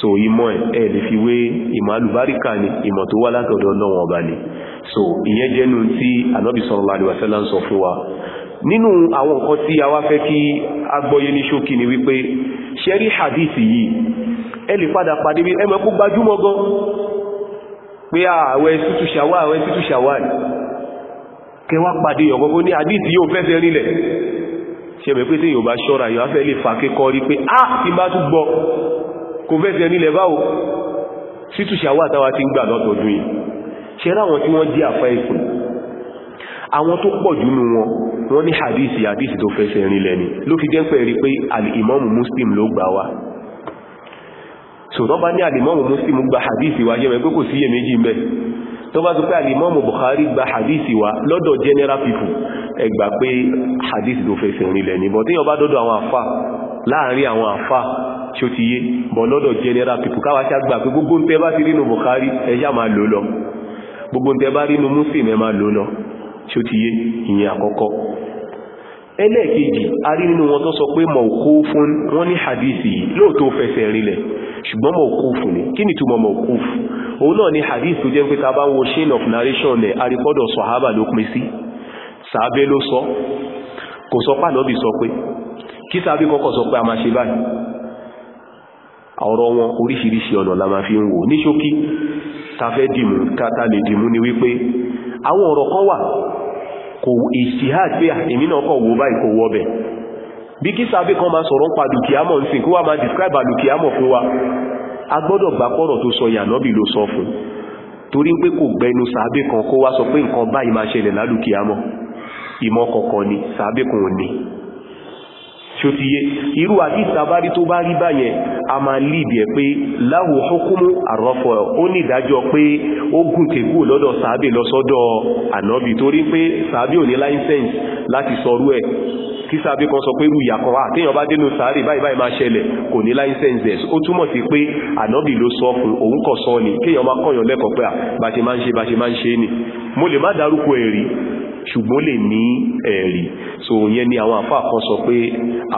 so ìmọ̀ ẹ̀ lè fi wé ìmọ̀ alùbáríkà ni ìmọ̀ ni so ìyẹn jẹ́nu tí ànọ́bì sallallahu alaihi wasallam ń sọ fún wa nínú àwọn nǹkan tí a wá fẹ́ kí agbọ́yé ní ṣókí ni wípé ṣẹ́rí hadith yìí ẹ lè padà pàdé bí ẹmọ kó gbajúmọ̀ gan pé ààwẹ̀ tútù ṣàwà ààwẹ̀ tútù ṣàwà kẹwà pàdé ọ̀gọ́gọ́ ní àdíìtì yóò fẹ́fẹ́ rílẹ̀ ṣẹbẹ̀ pé tí yóò bá ṣọ́ra yóò fẹ́ lè fàáké kọ́ rí pé á ti bá tún gbọ́ kò fẹ́fẹ́ rílẹ̀ báwo tútù ṣàwà táwa ti ń gbà lọ́tọ̀ọdún yìí ṣe láwọn tí wọ́n jẹ́ àfá ikùn àwọn ní hadisi hadisi tó fẹ́fẹ́ rílẹ̀ ni ló fi jẹ́ pẹ̀rí pé al-Imam Muslim ló gbà wá so tó bá ní alìmọ́mù muslim gba hadisi wa jẹ́ mẹ́gbẹ́ kò sí iye méjì mẹ́ tó bá tó pé alìmọ́mù bukhari gba hadisi wa lọ́dọ̀ general people ẹgbà pé hadisi tó fẹsẹ̀ rinlẹ̀ ní bọ̀tí yọba dọ́dọ̀ àwọn àfá láàrin àwọn àfá tí ó ti yé bọ̀ lọ́dọ̀ general people káwà ṣá gbà pé gbogbo tẹ bá ti rínú bukhari ẹ ṣá máa lò lọ ẹlẹ́ẹ̀kejì a rí nínú wọn tó sọ pé mọ̀kúfún wọ́n ní hadithi lóòtó fẹsẹ̀ rinlẹ̀ ṣùgbọ́n mọ̀kúfún ni kí ni túnmọ̀ mọ̀kúfún òun náà ni hadith tó jẹ́ pé ta bá wo chain of narration ẹ̀ aripọ́dọ̀ sọ̀hábà ló pín sí sàábẹ́ ló sọ kò sọ pà lọ́bì sọ pé kí sàábẹ́ kọ́kọ́ sọ pé a máa ṣe báyìí ọ̀rọ̀ wọn oríṣiríṣi ọ̀nà la máa fi ń wò ní ṣókí ta fẹ́ dìmú ká ta lè dìmú ni wípé àwọn ọ̀rọ̀ kan wà kò ìṣtíhàd pé ah, èmi náà kọ̀ wo báyìí kò wọ́bẹ̀ bí kí sàbí kan máa sọ̀rọ̀ ń pa lùkìámọ̀ ń sìn kó wá máa describe àlùkìámọ̀ fún wa a gbọ́dọ̀ gbà pọ̀rọ̀ tó sọ yànàbì ló sọ fún torí pé kò gbẹnu sàbí kan kó wá sọ pé nǹkan báyìí máa ṣẹlẹ̀ lálùkìámọ̀ ìmọ̀ kọ̀kọ̀ ni sàbí kan ò tí ó ti yé irú àdíta bá rí tó bá rí báyẹn a máa lìdí ẹ̀ pé láwò hukumu àrọ́fọ́ ó ní ìdájọ́ pé ó gùn tèkú lọ́dọ̀ sàábè lọ́sọ́dọ̀ ànábì torí pé sàábè ò ní láìsẹ́ǹsì láti sọrú ẹ̀ kí sàábè kan sọ pé irú ìyà kan wà ah, téèyàn bá dénú sàárè ni kéèyàn máa kọ̀yàn ṣùgbọ́n lè ní ẹ̀rí so yẹn ni àwọn àfáà kan sọ pé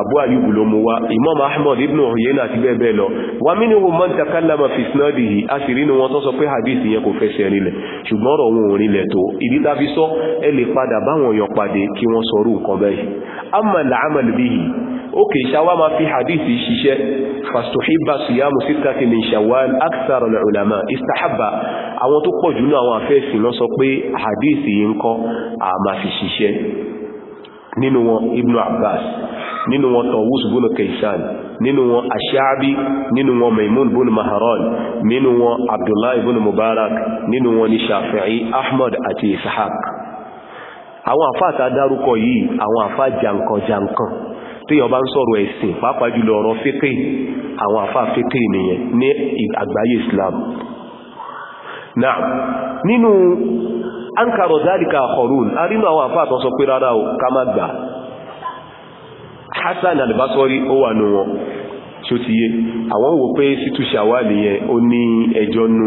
Abu Ayyub ló mú wá Imam Ahmad ibn Uyayna àti bẹ́ẹ̀ bẹ́ẹ̀ lọ wà minhum man takallama fi isnadihi a sì rí ní wọn tó sọ pé hadith yẹn kò fẹsẹ̀ rinlẹ̀ ṣùgbọ́n ọ̀rọ̀ wọn ò rinlẹ̀ tó ìdí tàbí sọ ẹ lè padà báwọn èèyàn pàdé kí wọ́n sọrú nǹkan àwọn tó pọ̀ jùlọ àwọn afẹ́sìn lọ sọ pé hadithi yìí ń kọ́ à àmà fi ṣiṣẹ́ nínú wọn ibnu abbas nínú wọn tawus bónú kaisan nínú wọn aṣáàbí nínú wọn maimun bónú maharon nínú wọn abdullahi bónú mubarak nínú wọn ni shafi'i ahmad àti ishaq àwọn àfáàtà dárúkọ yìí àwọn àfáà jankan jankan tíyàn bá ń sọ̀rọ̀ ẹ̀sìn pàápàá jùlọ ọ̀rọ̀ fíkì àwọn àfá fíkì nìyẹn ní àgbáyé islam náà nínú an kàrọ̀ dálìkà àkọrùn arínú àwọn àfáàtọ̀ sọ pé rárá o ká má gbà Hassan al-Basri ó wà nù wọn tí ó ti yé àwọn wò pé sítú ṣàwálì yẹn ó ní ẹjọ́ nú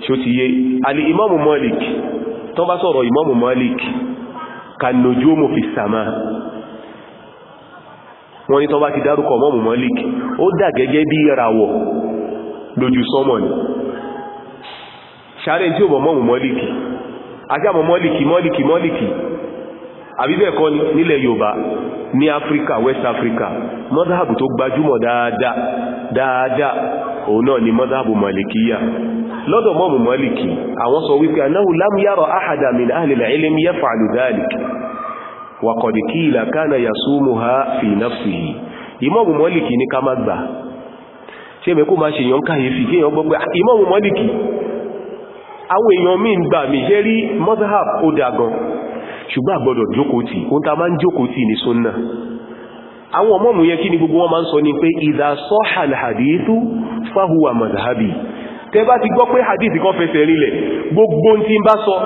tí ó ti yé alì Imam Malik tó bá sọ̀rọ̀ Imam Malik kanojomo fi sama wọ́n ní tó bá ti dárúkọ Imam Malik ó dà gẹ́gẹ́ bí ìràwọ̀ lójú sọ́mọ̀ ni ṣàárẹ̀ tí ó bọ̀ Malik ajámọ̀ mọ́lìkì mọ́lìkì mọ́lìkì àbíbẹ̀ẹ̀kọ́ nílẹ̀ Yorùbá ní Africa West Africa mọ́dáàbù tó gbajúmọ̀ dáadáa dáadáa òun náà ni mọ́dáàbù mọ̀lìkíyà lọ́dọ̀ mọ́mù mọ́lìkì àwọn sọ wípé anáhù lámúyàrọ̀ áhàdàmìn ahìlẹ̀ ilẹ̀mí yẹ́ fàálù dáàlìkì wàkọ̀dìkí ìlàkánà yàsúmù ha fi nafsihi ìmọ́mù mọ́lìkì ní ká má gbà ṣe ah, mẹ́kú má àwọn èèyàn mi ń gbà mí ṣe rí mọ́sáhàb ó dàgan ṣùgbọ́n àgbọ́dọ̀ jókòó tì ó ta máa ń jókòó ní súnnà àwọn ọmọ́mù yẹ kí ni gbogbo wọn máa ń sọ ní pé ìdá sọ́hàl hadithu fahuwa madhabi tẹ bá ti gbọ́ pé hadith kan fẹsẹ̀ rílẹ̀ gbogbo tí ń bá sọ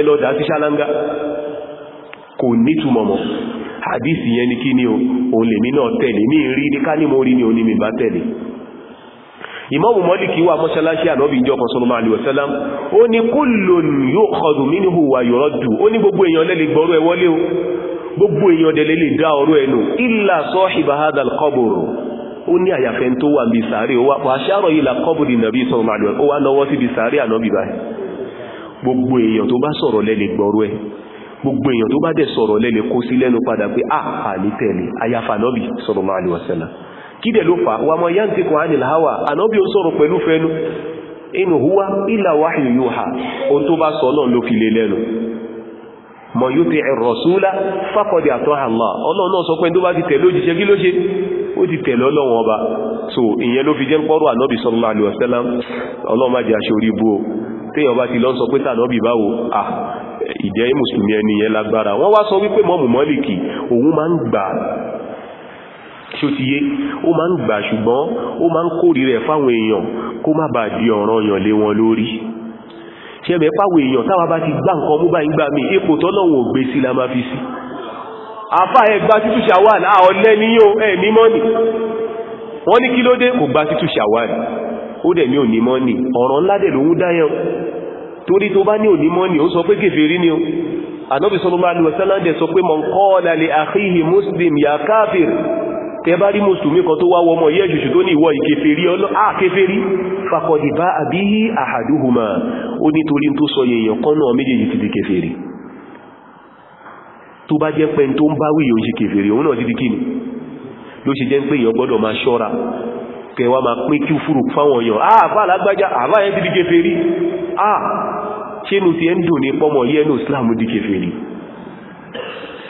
ẹlọ́dà ti ṣálángá kò nítumọ̀ mọ́ hadith yẹn ni kí ni o òun ìmọ́mù mọ́lìkì wà mọ́ṣálásí ànọ́bì ìjọ kan sọ́lọ́mà àlùwẹ̀sálám ó ní kullun yukhadhu minhu wa yuraddu ó ní gbogbo èèyàn lẹ́lẹ̀ gbọ́rọ̀ ẹ wọlé o gbogbo èèyàn dẹ̀lẹ̀ lè dá ọ̀rọ̀ ẹnu illa sahiba hadal qabr ó ní àyàfẹ́ tó wà bí sàárè ó wà pàṣàrọ̀ ila qabri nàbí sọ́lọ́mà àlùwẹ̀sálám ó wà náwọ́ sí bí sàárè ànọ́bì báyìí gbogbo èèyàn tó bá sọ̀rọ̀ lẹ́lẹ̀ gbọ́rọ̀ ẹ kídẹ̀ ló fà wà mọ̀ yáǹtí kò hánìlá hawa ànábí ó sọ̀rọ̀ pẹ̀lú fẹ́nu inú huwa illa wahyu yuha ohun tó bá sọ náà ló fi lè lẹ́nu mọ̀ yóò ti rasula faqad ata'a Allah ọlọ́run náà sọ pé tó bá ti tẹ̀lé òjíṣẹ́ kí so ìyẹn ló fi jẹ́ pọ́rọ̀ ànábì sallallahu alaihi wasallam ọlọ́run má jẹ́ aṣọ orí bú o téèyàn bá ti lọ sọ pé tànábì báwo à ìjẹ́ mùsùlùmí ẹni yẹn lágbára wọ́n wá sọ wípé mọ́mù mọ́lìkì òun máa ń gbà ṣó ti yé ó máa ń gbà ṣùgbọ́n ó máa ń kórìí rẹ̀ fáwọn èèyàn kó má bàa di ọ̀ràn èèyàn lé wọn lórí ṣẹ́mẹ̀ fáwọn èèyàn táwa bá ti gbá nǹkan mú bá ń gbà mí ipò tọ́lọ́wọ̀n ògbé sí la máa fi sí àfá ẹgbà títù ṣàwàlì àọ̀lẹ́ ní yóò ẹ̀ ní mọ́nì wọ́n ní kí ló dé kò gbà títù ṣàwàlì ó dẹ̀ ní òní mọ́nì ọ̀ràn ńlá dẹ̀ lóhun dáyẹn torí tó bá ní òní mọ́nì ó sọ pé kèfèrí ni ó Ànábì sallallahu alaihi wasallam sọ pé man qala li akhihi muslim ya kafir tẹ bá rí mùsùlùmí kan tó wá wọmọ yẹ́ ṣùṣù tó ní ìwọ ìkèfèrí àkèfèrí fàkọ̀dì bá àbí àhàdúhùmá ó nítorí tó sọ èèyàn kan méjèèjì ti di kèfèrí tó bá jẹ́ pẹ́ tó ń bá wí yóò ṣe kèfèrí òun náà ti di kíni ló ṣe jẹ́ pé èèyàn gbọ́dọ̀ di kèfèrí à ṣénu ti ẹ́ ń di kèfèrí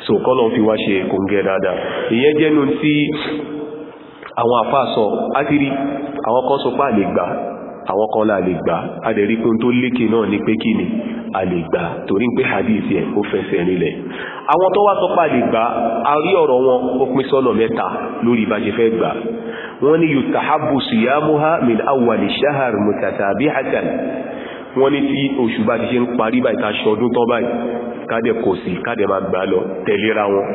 so kọ́lọ̀ fi wá ṣe kòǹgẹ́ dáadáa ìyẹn jẹ́nu tí àwọn àfáà sọ átìrí àwọn kan sọ pá lè gbà àwọn kan la lè gbà a dẹ̀ tó lékè náà ní pé kí ni a lè gbà torí pé hadith yẹn ó fẹsẹ̀ nílẹ̀ àwọn tó wá sọ lè gbà a rí ọ̀rọ̀ wọn ó pín sọ́nà mẹ́ta lórí bá ṣe fẹ́ gbà wọ́n ní yutahabu siyamuha min awwal shahar mutasabihatan wọ́n ní tí oṣù bá ti ṣe ń parí báyìí ta ṣọdún tán báyìí kádẹ̀ kò sí kádẹ̀ máa gbà lọ tẹ̀léra wọn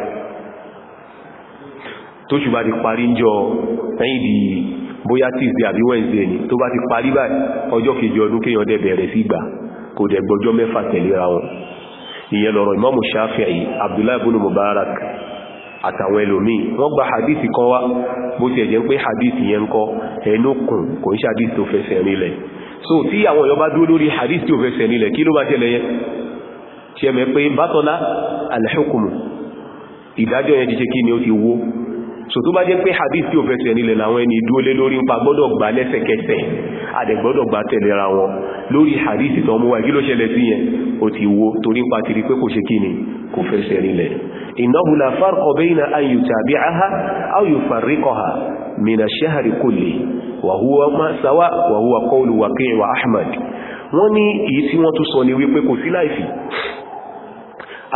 tó ṣùgbà ti parí jọ ẹ̀yìn di bóyá Tuesday àbí Wednesday ni tó bá ti parí báyìí ọjọ́ kejì ọdún kéèyàn dẹ̀ bẹ̀rẹ̀ sí gbà kò Abdullahi ibn Mubarak àtàwọn ẹlòmíì wọ́n hadithi kan wá bó hadithi yẹn ń kọ́ ẹnu kùn kò so tí àwọn èèyàn bá dúró lórí hadithi tó ṣe mẹ́ pé bátọ́lá alhukumu ìdájọ́ yẹn ti ṣe kí ni ó ti wó so tó bá jẹ́ pé hadith tí ó fẹsẹ̀ nílẹ̀ làwọn ẹni dúó lé lórí ń pa gbọ́dọ̀ gbà lẹ́sẹ̀kẹsẹ̀ àdẹ̀gbọ́dọ̀ gbà tẹ̀lera wọn lórí hadith tó mú wa kí ló ṣẹlẹ̀ sí yẹn ó ti wó torí ń pa ti rí pé kò ṣe kí wọ́n ní èyí tí wọ́n tún sọ ni wípé kò sí láìfì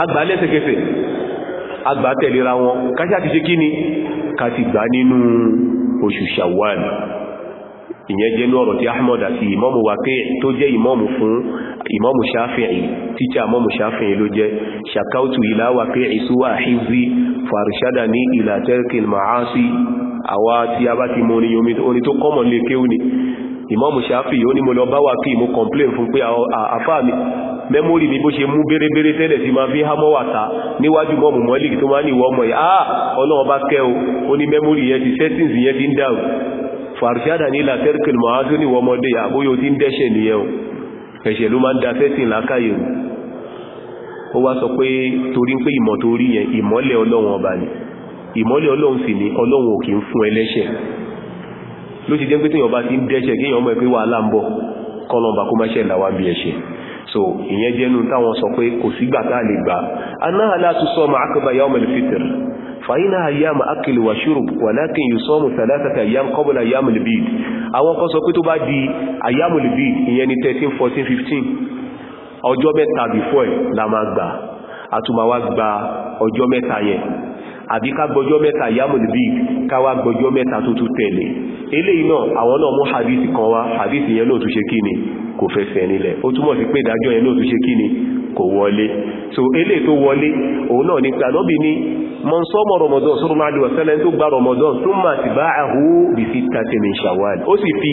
agbà lẹ́sẹ̀kẹsẹ̀ agbà tẹ̀lera wọn káṣí àti ṣe kíni ká ti gbà nínú oṣù Shawwal ìyẹn jẹ́ lọ́rọ̀ tí Ahmad àti ìmọ́mù Waqi' tó jẹ́ ìmọ́mù fún ìmọ́mù Shafi'i tíṣà mọ́mù Shafi'i ló jẹ́ shakautu ila Waqi'i su'a hizzi farshadani ila tarkil ma'asi àwa tí a bá ti mọ́ orin tó kọ́mọ̀ lè kéwú ni ìmọ́mù ṣáfì ó ní mo lọ bá wà kí mo complain fún pé àfá mi mẹ́mórì ni bó ṣe mú bérébéré tẹ́lẹ̀ sí ma fi hámọ́ wàta níwájú mọ́mù mọ́lìkì tó máa ní ìwọ ọmọ ìhá ọlọ́wọ́ bá kẹ́ o ó ní mẹ́mórì yẹn ti settings yẹn ti ń dáhùn fàrṣádà ní látẹ́rkìl mọ̀hásó ní wọmọdé àbóyó tí ń dẹ́ṣẹ̀ nìyẹn ẹ̀ṣẹ̀ ló máa ń da tó rí yẹn ìmọ́lẹ̀ ọlọ́run ọba ni ìmọ́lẹ̀ ló ti jẹ́ pé tíyàn bá ti ń dẹ́ṣẹ̀ kí èyàn mọ̀ pé wà láàbọ̀ kọlọmbà kó máṣẹ́ ìlàwà bí ẹ̀ṣẹ̀ so ìyẹn jẹ́nu táwọn sọ pé kò sígbà tá lè gbà anáhà látú sọmọ akọba yawm la máa gbà àtùmáwá gba ọjọ́ mẹ́ta yẹn àbí ká gbọjọ́ mẹ́ta yamulbi ká wá gbọjọ́ mẹ́ta tó tún tẹ̀lé eléyìí náà àwọn náà mú hadith kan wá hadith yẹn náà tún ṣe kíni kò fẹsẹ̀ nílẹ̀ ó túmọ̀ sí pé ìdájọ́ yẹn náà ṣe kíni kò wọlé so elé tó wọlé òun náà ní pẹ̀lọ́bì ní mọ́nsọ́mọ̀ ramadan sọ́rọ̀ máa lè wọ̀sẹ́lẹ̀ tó gba ramadan tó máa ti bá àhú bí fi tàtẹ̀ ní shawwal ó sì fi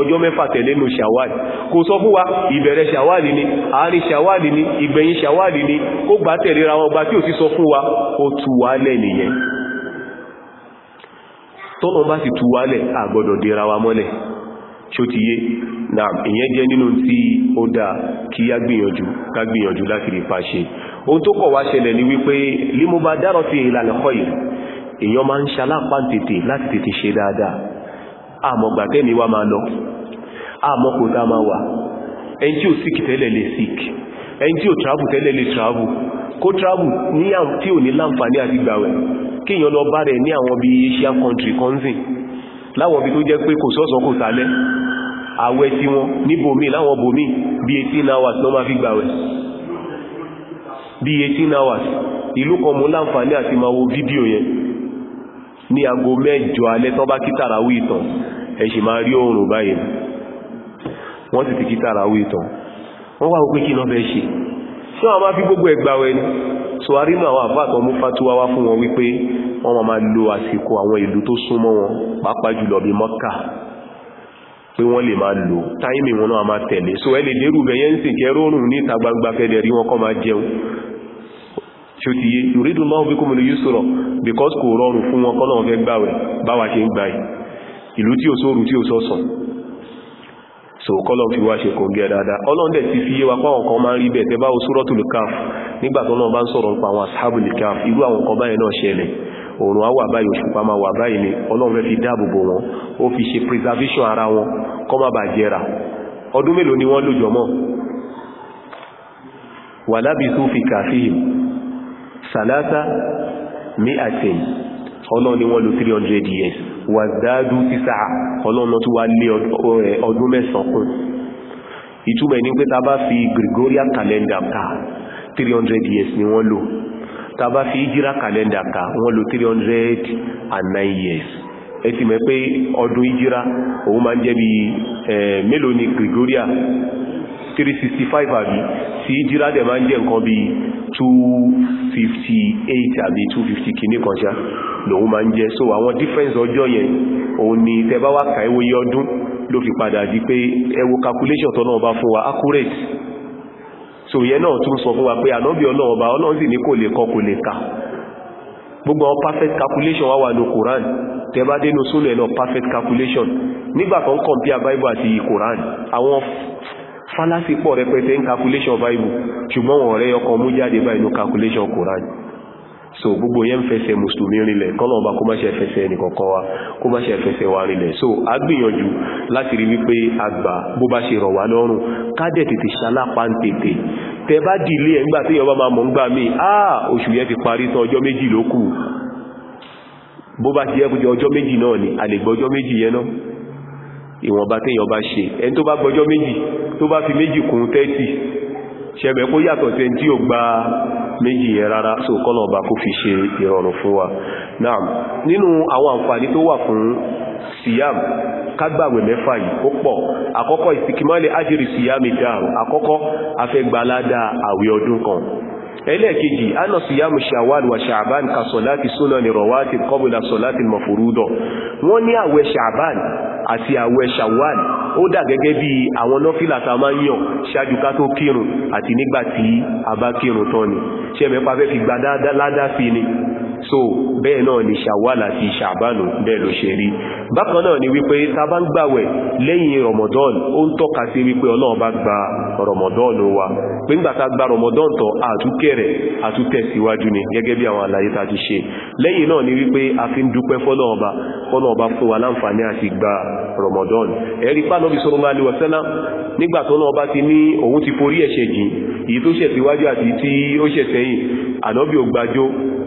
ọjọ́ mẹ́fà tẹ̀lé nù shawwal kò sọ fún wa ìbẹ̀rẹ̀ shawwal ni àárín shawwal ni ìgbẹ̀yìn shawwal ni kó gbà tẹ̀lé ra wọn gbà tí ò sì sọ fún wa ó tú wa lẹ̀ nìyẹn tọ́nà bá ti tú wa lẹ̀ àgbọ́dọ̀ dira wa mọ́lẹ̀ ṣó ti yé náà ìyẹn jẹ́ nínú tí ó dá kí a gbìyànjú ká gbìyànjú láti rí pa ṣe ohun tó kọ̀ wá ṣẹlẹ̀ ní wípé límú bá dárọ̀ sí ìlànà kọ́ yìí èèyàn máa ń ṣalápá tètè láti tètè ṣe dáadáa àmọ̀gbà tẹ́mi wá máa lọ àmọ́kò tá máa wà ẹni country council láwọn bí tó jẹ́ pé kò sọ́sọ́ kò sálẹ́ àwẹ̀ tí wọn níbòmí láwọn bòmí bí 18 hours ló máa fi gbàwẹ̀ bí 18 hours ìlú kan mú láǹfààní àti máa wo fídíò yẹn ní aago mẹ́jọ alẹ́ tán bá kítàrà wí ìtàn ẹ̀ṣì máa rí oòrùn báyìí wọ́n sì ti kítàrà wí ìtàn wọ́n wá òpin kí náà bẹ́ ṣe ṣé wọ́n máa fi gbogbo ẹgbàwẹ̀ ni so a rí mọ̀ àwọn àfáàtọ̀ mú fatuwa wá fún wọn wípé wọ́n máa lo àsìkò àwọn ìlú tó súnmọ́ wọn pàápàá jùlọ bí mọ́kà pé wọ́n lè máa lò táìmì wọn náà máa tẹ̀lé so ẹ lè lérù bẹ̀yẹ́ ń sì kẹrọ oòrùn ní ìta gbangba kẹlẹ̀ rí wọn kọ́ máa jẹun tí ó ti yé ìrídù máa ń bí kúmùlù yìí sọ̀rọ̀ because kò rọrùn fún wọn kọ́nà fẹ́ gbàwẹ̀ báwa ṣe ń gbáyì ìlú tí ó sóòrùn tí ó so kọ́lọ̀ fi wá ṣe kò gẹ́ dáadáa ọlọ́ndẹ̀ ti fi yé wa pàwọn kan máa ń òrùn á wà báyìí òṣùpá máa wà báyìí ni ọlọ́run fẹ́ fi dáàbòbò wọn ó fi ṣe preservation ara wọn kọ́ má bà jẹrà ọdún mélòó ni wọ́n lò jọmọ́ wà lábí tó fi kàfíì sàlátà mí àtẹ̀yìn ọlọ́run ni wọ́n lò 300 years wà dáadú títà ọlọ́run tó wá lé ọdún mẹ́sàn kún ìtumọ̀ ní pé ta bá fi 300 years ni wọ́n lò Taba fi ìjírá kàlẹ́ndà ka wọ́n lò 309 years ẹ̀sì mẹ́ pé ọdún ìjírá òun máa ń jẹ́ bí mélòó ni Gregorian 365 àbí sí ìjírá dẹ̀ máa ń jẹ́ nǹkan bí 258 àbí 250 kìíní kan ṣá lòun máa ń so àwọn difference ọjọ́ yẹn òun ni tẹbá wá kàíwòye ọdún ló fi padà di pé ẹ wo calculation tọ́nà ọba fún wa accurate so yẹn náà tún sọ fún wa pé ànábì ọlọ́run ọba ọlọ́run sì ní kò lè kọ kò lè kà gbogbo àwọn perfect calculation wá wà ní koran tẹ bá dénú sólẹ̀ náà perfect calculation nígbà tó ń compare bible àti koran àwọn fallacy pọ̀ rẹpẹtẹ ń calculation bible ṣùgbọ́n wọ́n rẹ́ ọkàn mú jáde bá inú calculation koran so gbogbo yẹn fẹsẹ̀ mùsùlùmí rinlẹ̀ kọ́lọ̀ ọba kó má ṣe fẹsẹ̀ ẹnìkọ̀ọ̀kan wa kó má fẹsẹ̀ wa rinlẹ̀ so a gbìyànjú láti rí wípé àgbà bó bá ṣe rọ̀ wá lọ́rùn kádẹ̀ tètè ṣalápa ń tètè tẹ bá dìlé ẹgbà tí yọba máa mọ̀ ń gbà mí ah oṣù yẹn ti parí tán ọjọ́ méjì ló kù bó bá ti yẹ ọjọ́ méjì náà ni a lè gbọ́jọ́ méjì yẹn náà ìwọ̀nba téèyàn bá ṣe ẹni tó bá gbọ́jọ́ méjì tó bá fi méjì kún ṣẹ̀bẹ̀ kó yàtọ̀ tẹ́ tí ó gba méjì yẹ rárá so kọ́nà ọba kó fi ṣe ìrọ̀rùn fún wa náà nínú àwọn àǹfààní tó wà fún siyam kágbàwẹ̀ mẹ́fà yìí ó pọ̀ àkọ́kọ́ ìsìnkímọ́lẹ̀ ájìrì siyam ìdáàrùn àkọ́kọ́ afẹ́gbàládà àwẹ̀ ọdún kan ẹlẹ́ẹ̀kejì anà síyàmù ṣàwàl wà ka sọ̀láti súnà ní rọ̀wátì kọbùlà sọ̀láti mọ̀fúrúdọ̀ wọ́n ní àwẹ̀ ṣàbán àti àwẹ̀ ṣàwàl ó dà gẹ́gẹ́ bí àwọn nọ́fílà tá máa ń yàn ṣáájú ká tó kírun àti nígbà tí a bá kírun ni ṣẹ́mẹ́pá fẹ́ fi gbádá ládá sí ni so bẹ́ẹ̀ náà ni ṣàwàl àti ṣàbánù bẹ́ẹ̀ ló ṣe rí bákan náà ni wípé ta bá ń gbàwẹ̀ lẹ́yìn ramadan ó ń tọ́ka sí wípé ọlọ́run bá gba ramadan wa pé ń gbàta gba ramadan tán àtúkẹ̀rẹ̀ àtútẹ̀síwájú ni gẹ́gẹ́ bí àwọn àlàyé ta ti ṣe lẹ́yìn náà ni wípé a fi ń dúpẹ́ fọ́lọ́ọ̀ba fọ́lọ́ọ̀ba fún wa láǹfààní àti gba ramadan ẹ̀rí pánọ́bí sallallahu alaihi wasallam nígbà tó náà bá ti ní òun ti forí ẹ̀ṣẹ̀ jìn èyí tó ṣẹ̀ síwájú àti tí ó ṣẹ̀ sẹ́yìn ànọ́bí ò gbàjó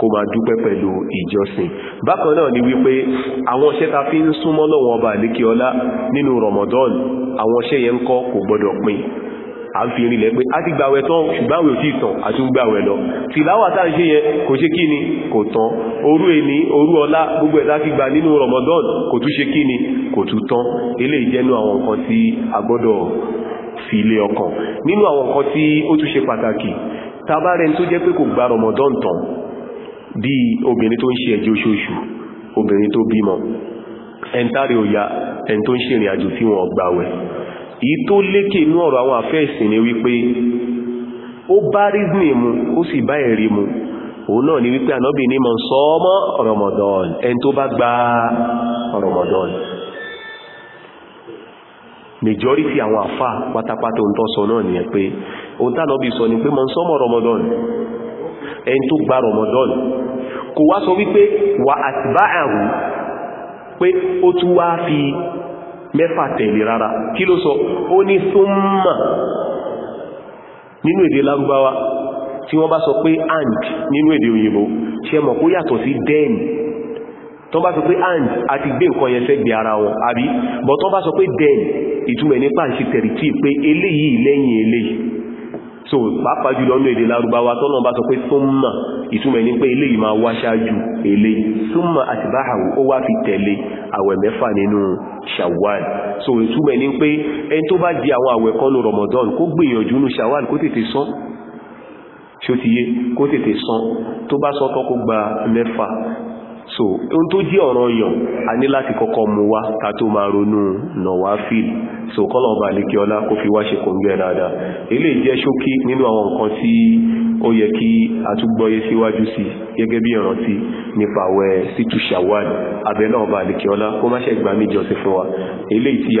kó máa dúpẹ́ pẹ̀lú ìjọsìn bákan náà ni wípé àwọn iṣẹ́ ta fi ń súnmọ́ lọ́wọ́ ọba àlékí ọlá nínú Ramadan àwọn iṣẹ́ yẹn ń kọ́ kò gbọdọ̀ pin a ń fi rílẹ̀ pé a ti gbàwẹ̀ tán ṣùgbàwẹ̀ òtí ìtàn àti gbàwẹ̀ lọ tìláwà tá ń ṣe yẹn kò ṣe kí ni kò tán òru èní òru ọlá gbogbo ẹ̀ta ti gbà nínú Ramadan kò tún ṣe kí ni kò tún tán eléyìí jẹ́nu àwọn nǹkan tí a gbọ́dọ̀ fi ilé ọkàn nínú àwọn nǹkan tí ó tún ṣe pàtàkì tabarẹni tó jẹ́ pé kò gba Ramadan tán bí obìnrin tó ń ṣe ẹ̀jẹ̀ oṣooṣù obìnrin tó bímọ ẹntàrí òyà ẹn tó ń ṣe ìrìn àjò tí wọ́n gbàwẹ̀ èyí tó lékè inú ọ̀rọ̀ àwọn àfẹ́ ni wípé ó bá rízìn mu ó sì bá ẹ̀rí mu òun náà ni wípé ànábì ní mọ̀ sọ́ọ́mọ́ Ramadan ẹn tó bá gba Ramadan majority àwọn àfà pátápátá ohun tó sọ náà nìyẹn pé ohun tánàbì sọ ni pé mọ̀ sọ́ọ́mọ́ Ramadan ẹni tó gba Ramadan kò wá sọ wípé wà atba'ahu pé ó tún wá fi mẹ́fà tẹ̀lé rárá kí ló sọ ó ní thumma nínú èdè lárúbáwá tí wọ́n bá sọ pé and nínú èdè òyìnbó ṣe mọ̀ kó yàtọ̀ sí then tó bá sọ pé and àti gbé nǹkan yẹn sẹ́gbẹ̀ ara wọn àbí bọ̀ tó bá sọ pé then ìtumọ̀ nípa ìṣẹ́ tẹ̀rìtì pé eléyìí lẹ́yìn eléyìí so pàápàá jùlọ ní èdè lárúbáwá tọ́nà bá sọ pé súnmà ìtumọ̀ ní pé ilé yìí máa wá ṣáájú èlé súnmà àti báhàwù ó wá fi tẹ̀lé àwẹ̀ mẹ́fà nínú shawwal so ìtumọ̀ ní pé ẹni tó bá di àwọn àwẹ̀ kan ramadan kó gbìyànjú ní shawwal kó tètè san ṣó ti yé kó tètè tó bá sọ tọ́kó gba mẹ́fà so ohun tó jẹ́ ọ̀ràn yàn a ní láti kọ́kọ́ mú wá ta tó máa ronú nọ̀wá fíìlì so kọ́lọ̀ ọba àlekí ọlá kó fi wá ṣe kòǹgẹ́ dáadáa ilé jẹ́ ṣókí nínú àwọn nǹkan tí ó yẹ kí àtúgbọ́yé síwájú sí gẹ́gẹ́ bí ìrántí nípa nipa sítú ṣàwàlì abẹ́ náà bá lè ko kó má ṣe gbà mí sí wa tí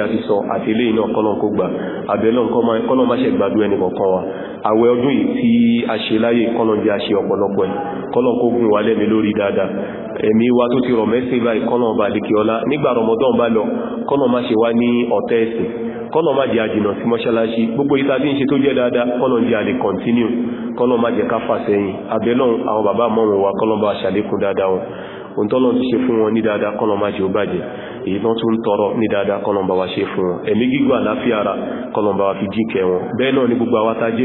a ti sọ àti eléyìí náà kọ́lọ̀ kó gbà abẹ́ náà ma má ṣe gbàdú ẹnì kọ̀ọ̀kan wa àwẹ̀ ọdún yìí tí a ṣe láyé kọ́lọ̀ jẹ́ a ṣe ọ̀pọ̀lọpọ̀ kó gùn wa lẹ́mi lórí dáadáa ẹ̀mí wa tó ti rọ̀ mẹ́sìn báyìí bá lè nígbà bá lọ má ṣe wá ní ọ̀tẹ́ ẹ̀sìn kọ́nà má jẹ́ àjìnà sí mọ́ṣálásí gbogbo ìta tí ń ṣe tó jẹ́ dáadáa kọ́nà jẹ́ àlè continue kọ́nà má jẹ́ káfà sẹ́yìn abẹ́lọ́n àwọn bàbá mọ́rùn wa kọ́nà bá ṣàlékún dáadáa wọn ohun tọ́lọ́n ti ṣe fún wọn ní dáadáa kọ́nà má jẹ́ ó bàjẹ́ èyí tán tún tọrọ ní dáadáa kọ́nà bá wa ṣe fún wọn ẹ̀mí gígùn ni gbogbo àwọn tajé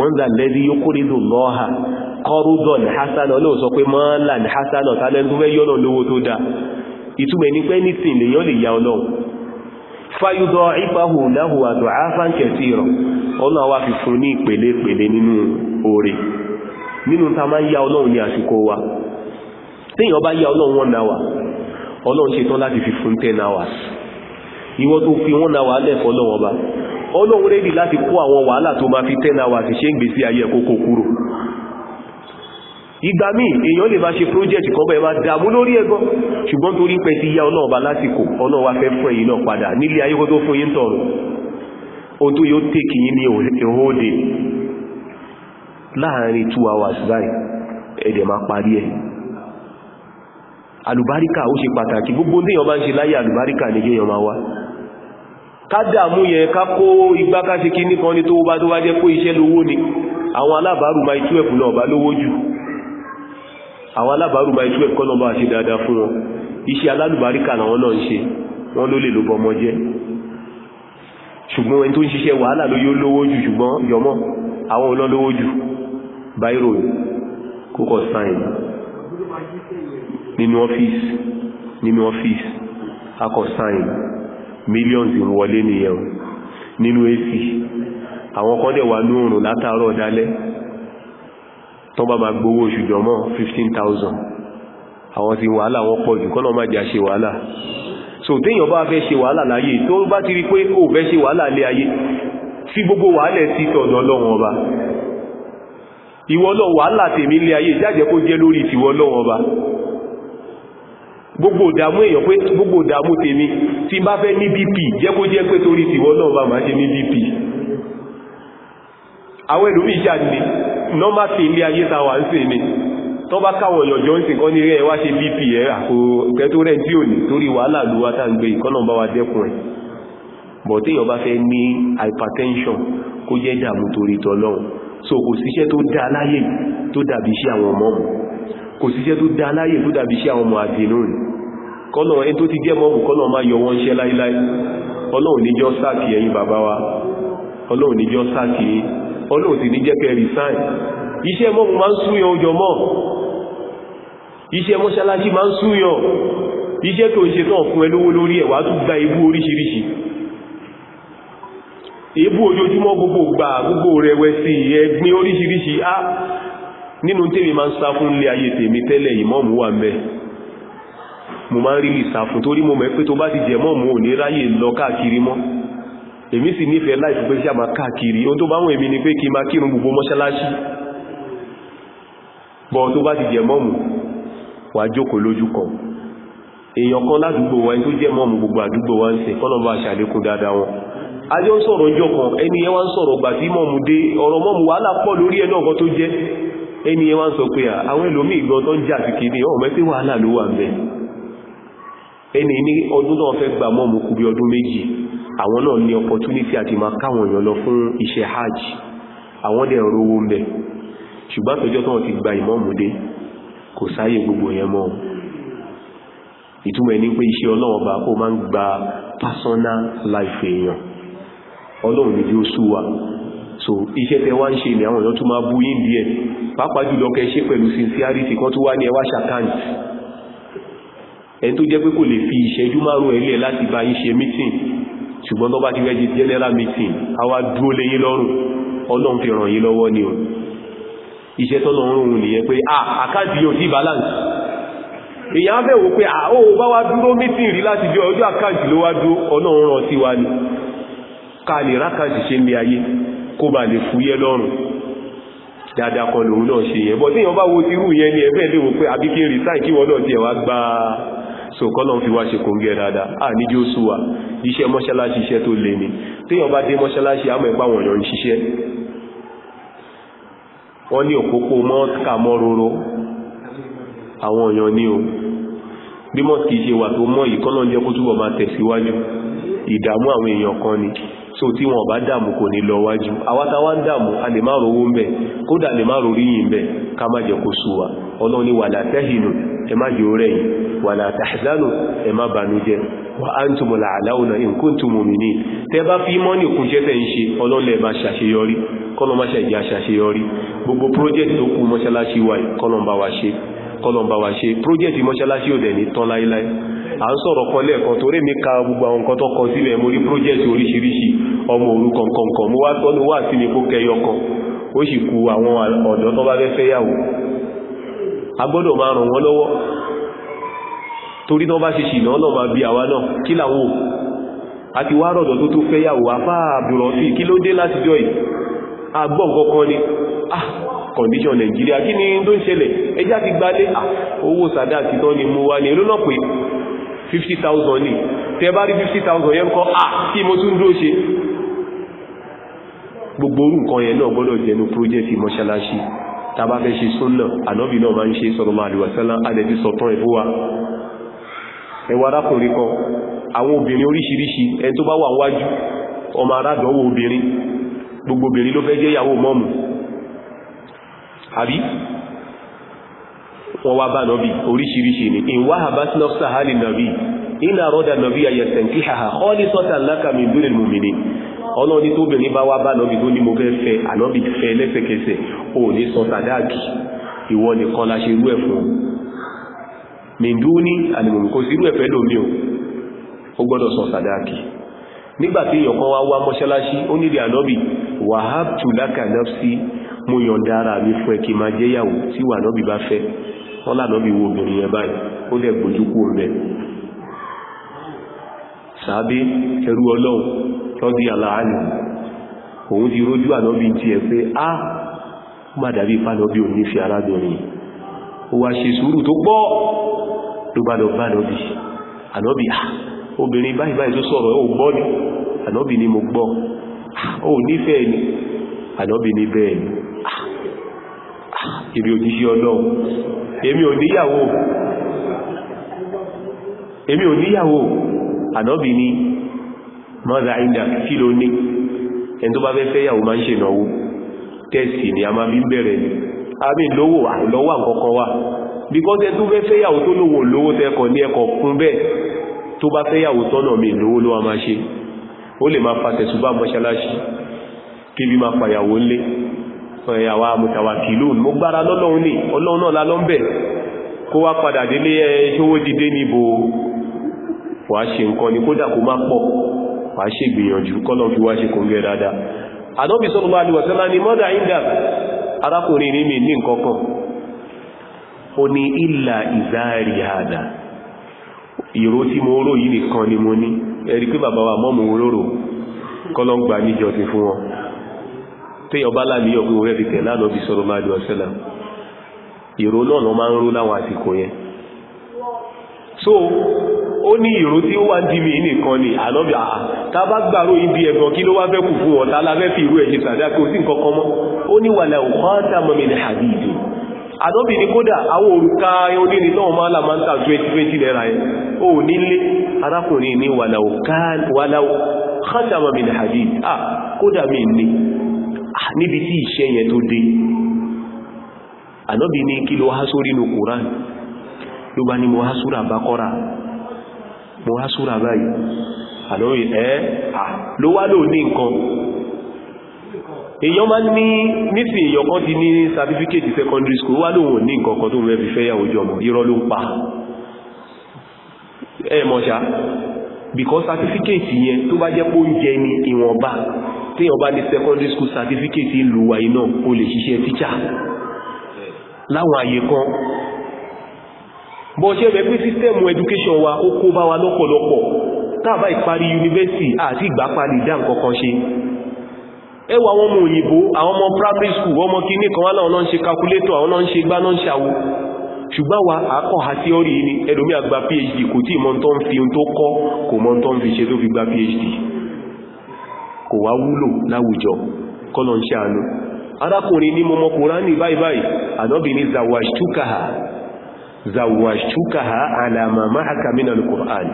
mọ́ndà lẹ́dí yóò kó ha lọ́ha kọrúdọ̀n hassan ọlọ́wọ́ sọ pé mọ́nlá hassan ọ̀tálẹ́gbẹ́ yọ́nà lówó tó dá ìtumẹ̀ ní pé nítìn lè yọ́ lè ya ọlọ́run fáyúdọ̀ ìfàhù láhù àdọ̀ áfáǹkẹ̀tì rọ̀ wá fi fún ní ìpele Ninu nínú oore ta ya ọlọ́run wa ya ọlọ́run rédì láti kó àwọn wàhálà tó ma fi ten hours ṣe ń gbé sí ayé ẹ̀kókò kúrò ìgbà míì èèyàn lè bá ṣe project kan bẹ́ẹ̀ bá dàmú lórí ẹgbọ́n ṣùgbọ́n torí pé ti yá ọlọ́run bá lásìkò ọlọ́run fẹ́ fún hours báyìí ẹ̀dẹ̀ máa parí ẹ̀ alùbáríkà ó ṣe pàtàkì gbogbo ní kádàmú yẹn ká kó igbá ká ṣe kí ní kan ní tó bá tó wá jẹ́ pé iṣẹ́ lówó ni àwọn alábàárù máa itú ẹ̀kùn náà bá lówó jù àwọn alábàárù máa itú ẹ̀kùn náà bá ṣe dáadáa fún wọn iṣẹ́ alálùbáríkà làwọn náà ń ṣe wọ́n ló lè ló bọmọ jẹ́ ṣùgbọ́n ẹni tó ń ṣiṣẹ́ wàhálà ló yóò lówó jù ṣùgbọ́n yọmọ́ àwọn olóò lówó jù báírò kókọ̀ sáìn nínú ọ́fíìsì nínú ọ́fíìsì akọ̀ sáìn millions in wọlé nìyẹn nínú èsì àwọn kan dẹ̀ wà lóòrùn látàárọ̀ dálẹ́ tó bá ma gbówó oṣù jọmọ́ 15,000 àwọn ti wàhálà wọn pọ̀ jù kọ́nà má jà ṣe wàhálà so téèyàn bá fẹ́ ṣe wàhálà láyé tó bá ti rí pé ó fẹ́ ṣe wàhálà lé ayé tí gbogbo wàhálẹ̀ sí tọ̀dọ̀ lọ́wọ́n ọba ìwọ́lọ́ wàhálà tèmi lé ayé jáde kó jẹ́ lórí tìwọ́lọ́wọ́n ọba gbogbo ìdàmú èèyàn pé gbogbo ìdàmú tèmi tí bá fẹ́ ní bp jẹ́ kó jẹ́ pé torí tìwọ náà bá máa ṣe ní bp àwọn ìlú ìjà ní nọ́mà sí ilé ayé tàwà ń sè ní tó bá káwọn yọjọ́ ń sìn kọ́ ní bp ẹ̀ àkó kẹtó rẹ̀ tí ò ní torí wàhálà ló wá wa dẹ́kun ẹ̀ bọ̀ tí èèyàn bá fẹ́ hypertension kó jẹ́ ìdàmú torí tọ́lọ́run so kò síṣẹ́ tó dá láyé tó dàbí iṣẹ́ àwọn ọmọ kò síṣẹ́ tó àwọn ọmọ àdínú rẹ̀ kọ́nà ẹni tó ti jẹ́ mọ́mù kọ́nà máa yọ wọ́n ṣẹ́ láíláí ọlọ́run níjọ́ sáàkì ẹ̀yin bàbá wa ọlọ́run níjọ́ sáàkì ọlọ́run sì ní jẹ́ kẹ́ resign iṣẹ́ mọ́mù máa ń súyàn ojọ mọ́ iṣẹ́ mọ́ṣáláṣí máa ń súyàn iṣẹ́ tó ń ṣe tán fún ẹ lówó lórí ẹ̀ wá tún gba ibú oríṣiríṣi ebú ojoojúmọ́ gbogbo gbà gbogbo rẹ̀wẹ̀sì ẹ̀gbin oríṣiríṣi á ah! nínú tèmi máa ń sá fún ilé ayé tèmi tẹ́lẹ̀ ìmọ́mù wà mẹ́ mo máa ń rí lìsà fún torí mo mẹ́ pé tó bá ti jẹ mọ́ mo ní ráyè lọ káàkiri mọ́ èmi sì nífẹ̀ẹ́ láìfù pé sí àmà káàkiri tó bá ni pé kí ma kírun gbogbo mọ́ṣáláṣí bọ́ tó bá ti jẹ mọ́ mo wà jókòó lójú kan èèyàn kan ládùúgbò wa tó jẹ́ gbogbo àdúgbò wa ń ṣe kọ́nà bá ṣàlékún dáadáa wọn a jọ ń sọ̀rọ̀ jọ kan ẹni yẹn wá ń sọ̀rọ̀ gbà tí mọ́mù dé ọ̀rọ̀ mọ́mù wàhálà pọ̀ lórí tó jẹ́ ẹni yẹn wá ẹni ní ọdún náà fẹ́ gbà mọ́mù kú bí ọdún méjì àwọn náà ní opportunity àti máa káwọn èèyàn lọ fún iṣẹ́ hajj àwọn dẹ̀ rówó mẹ́ ṣùgbọ́n tọjọ́ tán ti gba ìmọ́mù dé kò sáyé gbogbo yẹn mọ́ ìtumọ̀ ẹni pé iṣẹ́ ọlọ́wọ́ bá ó ń gba personal life èèyàn ọlọ́run ní bí ó so iṣẹ́ tẹ wá ń ṣe ní àwọn èèyàn tó máa bú yín díẹ̀ pàápàá jùlọ kẹ́ ṣe pẹ̀lú ẹni tó jẹ́ pé kò lè fi ìṣẹ́jú márùn ẹ̀lẹ́ láti bá yín ṣe meeting ṣùgbọ́n tó bá ti rẹ́jì general meeting a wá dúró lé yín lọ́rùn ọlọ́run fi ràn yín lọ́wọ́ ni o iṣẹ́ tọ́lọ̀ ń ah, balance èyàn bẹ̀ wò pé àó ah, bá wá meeting rí láti jọ ọjọ́ àkáǹtì ló wá dúró ọlọ́run ràn ni ká lè rákàǹtì ṣe mi ayé kó bà lè fúyẹ́ lọ́rùn dáadáa kan lòun náà ṣe yẹn bọ́ tí èèyàn bá wo tírú yẹn ni ẹ̀fẹ́ lè wò pé àbí kí kí wọ́n náà tiẹ̀ wá gbáà so kọ́lọ̀ fi wá ṣe kò ń gẹ dáadáa à ní jí ó súwà iṣẹ́ mọ́ṣálásí iṣẹ́ tó lè ní téèyàn bá dé mọ́ṣálásí àmọ́ ẹ̀pá wọ̀nyàn ń ṣiṣẹ́ wọ́n ní òpópó mọ́ọ̀ká mọ́róró àwọn èèyàn ní o bí mọ́ọ̀kì so tí wọn bá dàmú kò ní lọ wájú àwátawá ń dàmú a lè máa rówó ń kódà lè máa rórí yìí ń ká má jẹ kó súwa ọlọ́ni wala tahinu ẹ má yóò rẹ̀yìn wala tahzanu ẹ má banújẹ́ wa antumul a'launa in kuntum mu'minin tẹ bá fi mọ́ ní kúnjẹ́ tẹ́ ń ṣe ọlọ́lẹ̀ má ṣàṣeyọrí kọ́lọ́mà ṣàjá ṣàṣeyọrí gbogbo project tó kú mọ́ṣáláṣí wa à ń sọ̀rọ̀ kan lẹ́ẹ̀kan torí mi ka gbogbo àwọn nǹkan tó kọ sílẹ̀ mo rí project oríṣiríṣi ọmọ òru kọ̀ǹkọ̀ǹkọ̀ mo wá tọ́nu wà sí mi kó kẹyọ kan ó sì ku àwọn ọ̀dọ́ tó bá fẹ́ fẹ́yàwó a gbọ́dọ̀ máa ràn wọ́n lọ́wọ́ torí náà bá ṣe ṣìnà náà máa bí àwa náà kí làwò àti wá rọ̀dọ̀ tó ni ah condition Nigeria ni tó ń ṣẹlẹ̀ ẹjá ti gbálé ah, owó sàdá àti tán ni mo wá ní elónà 50,000 ní tẹ bá rí 50,000 yẹn kọ́ à ah, kí mo tún dúró ṣe gbogbo orú nǹkan yẹn náà gbọ́dọ̀ jẹnu project mọ́ṣálásí tàbá fẹ́ ṣe súnnà ànọ́bì náà máa ń ṣe sọ̀rọ̀ máa lùwà sẹ́lá àdẹ̀bí sọ̀tán ẹ̀fún wa ẹwà arákùnrin kan àwọn obìnrin oríṣiríṣi ẹn tó bá wà wájú ọmọ arádọ́wò obìnrin gbogbo obìnrin ló fẹ́ jẹ́ ìyàwó mọ́mù àbí wọ́n wá bá nọ́bí oríṣiríṣi ni in wá àbá sinọ́ sahali nọ́bí iná rọ́dà nọ́bí ayẹsẹ̀n kí haha ọ́lí sọ́tà lákàmì ìdúrẹ̀ mùmìnì ọlọ́ni tó bẹ̀rẹ̀ bá wá bá nọ́bí tó ní mo fẹ́ fẹ́ ànọ́bí fẹ́ lẹ́sẹ̀kẹsẹ̀ ò ní sọ sàdáàkì ìwọ nìkan la ṣe rú ẹ̀ fún mìndú ní àlìmọ̀mù kò sí rú ẹ̀ fẹ́ lómi o ó gbọ́dọ̀ sọ sàdáàkì nígbàtí èèyàn kan wá wá mọ́ṣáláṣí ó nílé ànọ́bì mo yọ̀ǹda mi fún ẹ máa jẹ́yàwó tí wà náà bí bá fẹ́ wọ́n lànà bí wo obìnrin yẹn báyìí ó lẹ̀ gbójú kú rẹ̀ sàábé ẹrú ọlọ́run tọ́dí aláàánì òun ti rójú ànọ́bí tí ẹ pé á má dàbí ìpánọ́bí òun nífẹ̀ẹ́ arábìnrin ó wá ṣe sùúrù tó pọ̀ ló bá lọ bá ànọ́bí ànọ́bí obìnrin báyìí báyìí tó sọ̀rọ̀ ó gbọ́ ni ànọ́bí ni mo gbọ́ ó nífẹ̀ẹ́ ni ànọ́bí ni bẹ́ẹ̀ ni ìrì òjíṣẹ́ ọlọ́run èmi ò níyàwó èmi ò níyàwó ànọ́bì ni mọ́dá ìdá kí ló ní ẹni tó bá fẹ́ fẹ́ yàwó máa ń ṣe ìnáwó tẹ́sì ni a máa bí bẹ̀rẹ̀ ni a bí lówó àìlọ́wà kọ̀ọ̀kan wà because ẹ tó fẹ́ fẹ́ yàwó tó lówó lówó tẹ́kọ̀ ní ẹkọ̀ kún bẹ́ẹ̀ tó bá fẹ́ yàwó tọ́nà mi lówó ló wá máa ṣe ó lè máa fa tẹ̀sùbá mọ́ṣáláṣí kí bí máa fàyàwó ńlé àwa mùtàwàkìlún mo gbára lọ́lọ́run ní ọlọ́run náà lálọ́mbẹ̀ kó wá padà délé ẹ tí ó dìde níbo wà ṣe nǹkan ni kódà kó má pọ̀ wà ṣe gbìyànjú kọ́lọ̀ fi wá ṣe kòǹgẹ́ dáadáa àdọ́bì sọ́lọ́lá àdìwọ̀sẹ́lá ni mọ́dà ìdà arákùnrin ní mi ní nǹkankan ó ní ìlà ìzáàrí àdà ìró tí mo rò yìí nìkan ni téèyàn bá láàníyàn pé òun rẹ̀ ti tẹ̀ lánàá bí sọ́rọ̀ máa lè ọ̀sẹ́lá ìró náà lọ máa ń ró láwọn àsìkò yẹn so ó ní ìró tí ó wá dí mi nìkan ni ànábì àà tá bá gbàró ibi ẹ̀gbọ̀n kí ló wá fẹ́ kù fún wọn tá láfẹ́ fi ìró ẹ̀ṣẹ̀ sàdá kí ó sì nǹkan mọ́ ó ní wàlẹ̀ òkú 2020 lẹ́ra ẹ̀ ó nílé arákùnrin ní wàlẹ̀ òkú àtàmọ́mì ní àdìdì ah kódà níbi tí ìṣẹ́ yẹn tó dé ànábì ní kí ló há sórí ní Kùrán ló bá ní mo há súra Bákọ́rà mo há súra báyìí àlórí ẹ́ ló wá lò ní nǹkan èyàn máa ní nísì èyàn kan ti ní certificate secondary school wá lóhun ní nǹkan kan tó mẹ́ fi fẹ́yàwó jọmọ irọ́ ló ń pa ẹ mọ̀ ṣá because certificate yẹn tó bá jẹ́ pó ń jẹ ní ìwọ̀nba téèyàn bá ní secondary school certificate ìlú wa iná o lè ṣiṣẹ́ teacher láwọn àyè kan bọ́ ṣe rẹ̀ pé system education wa ó kó bá wa lọ́pọ̀lọpọ̀ tàbá ìparí university àti ìgbàpá lè dá nǹkankan ṣe ẹwà àwọn ọmọ òyìnbó àwọn ọmọ primary school ọmọ kìíní kan wọ́n náà ń ṣe calculator àwọn náà ń ṣe gbá náà ń ṣàwó ṣùgbọ́n wa àkọ́ ha sí orí ni ẹlòmí àgbà phd kò tí ìmọ̀ tó ń fi tó kọ́ kò mọ̀ tó ń fi ṣe tó fi gba phd kò wá wúlò láwùjọ kọ́lọ̀ ń ṣàánú arákùnrin ní mọmọ kùránì báibáì ànọ́bì ní zawajtukaha zawajtukaha alama ma'aka minal kùránì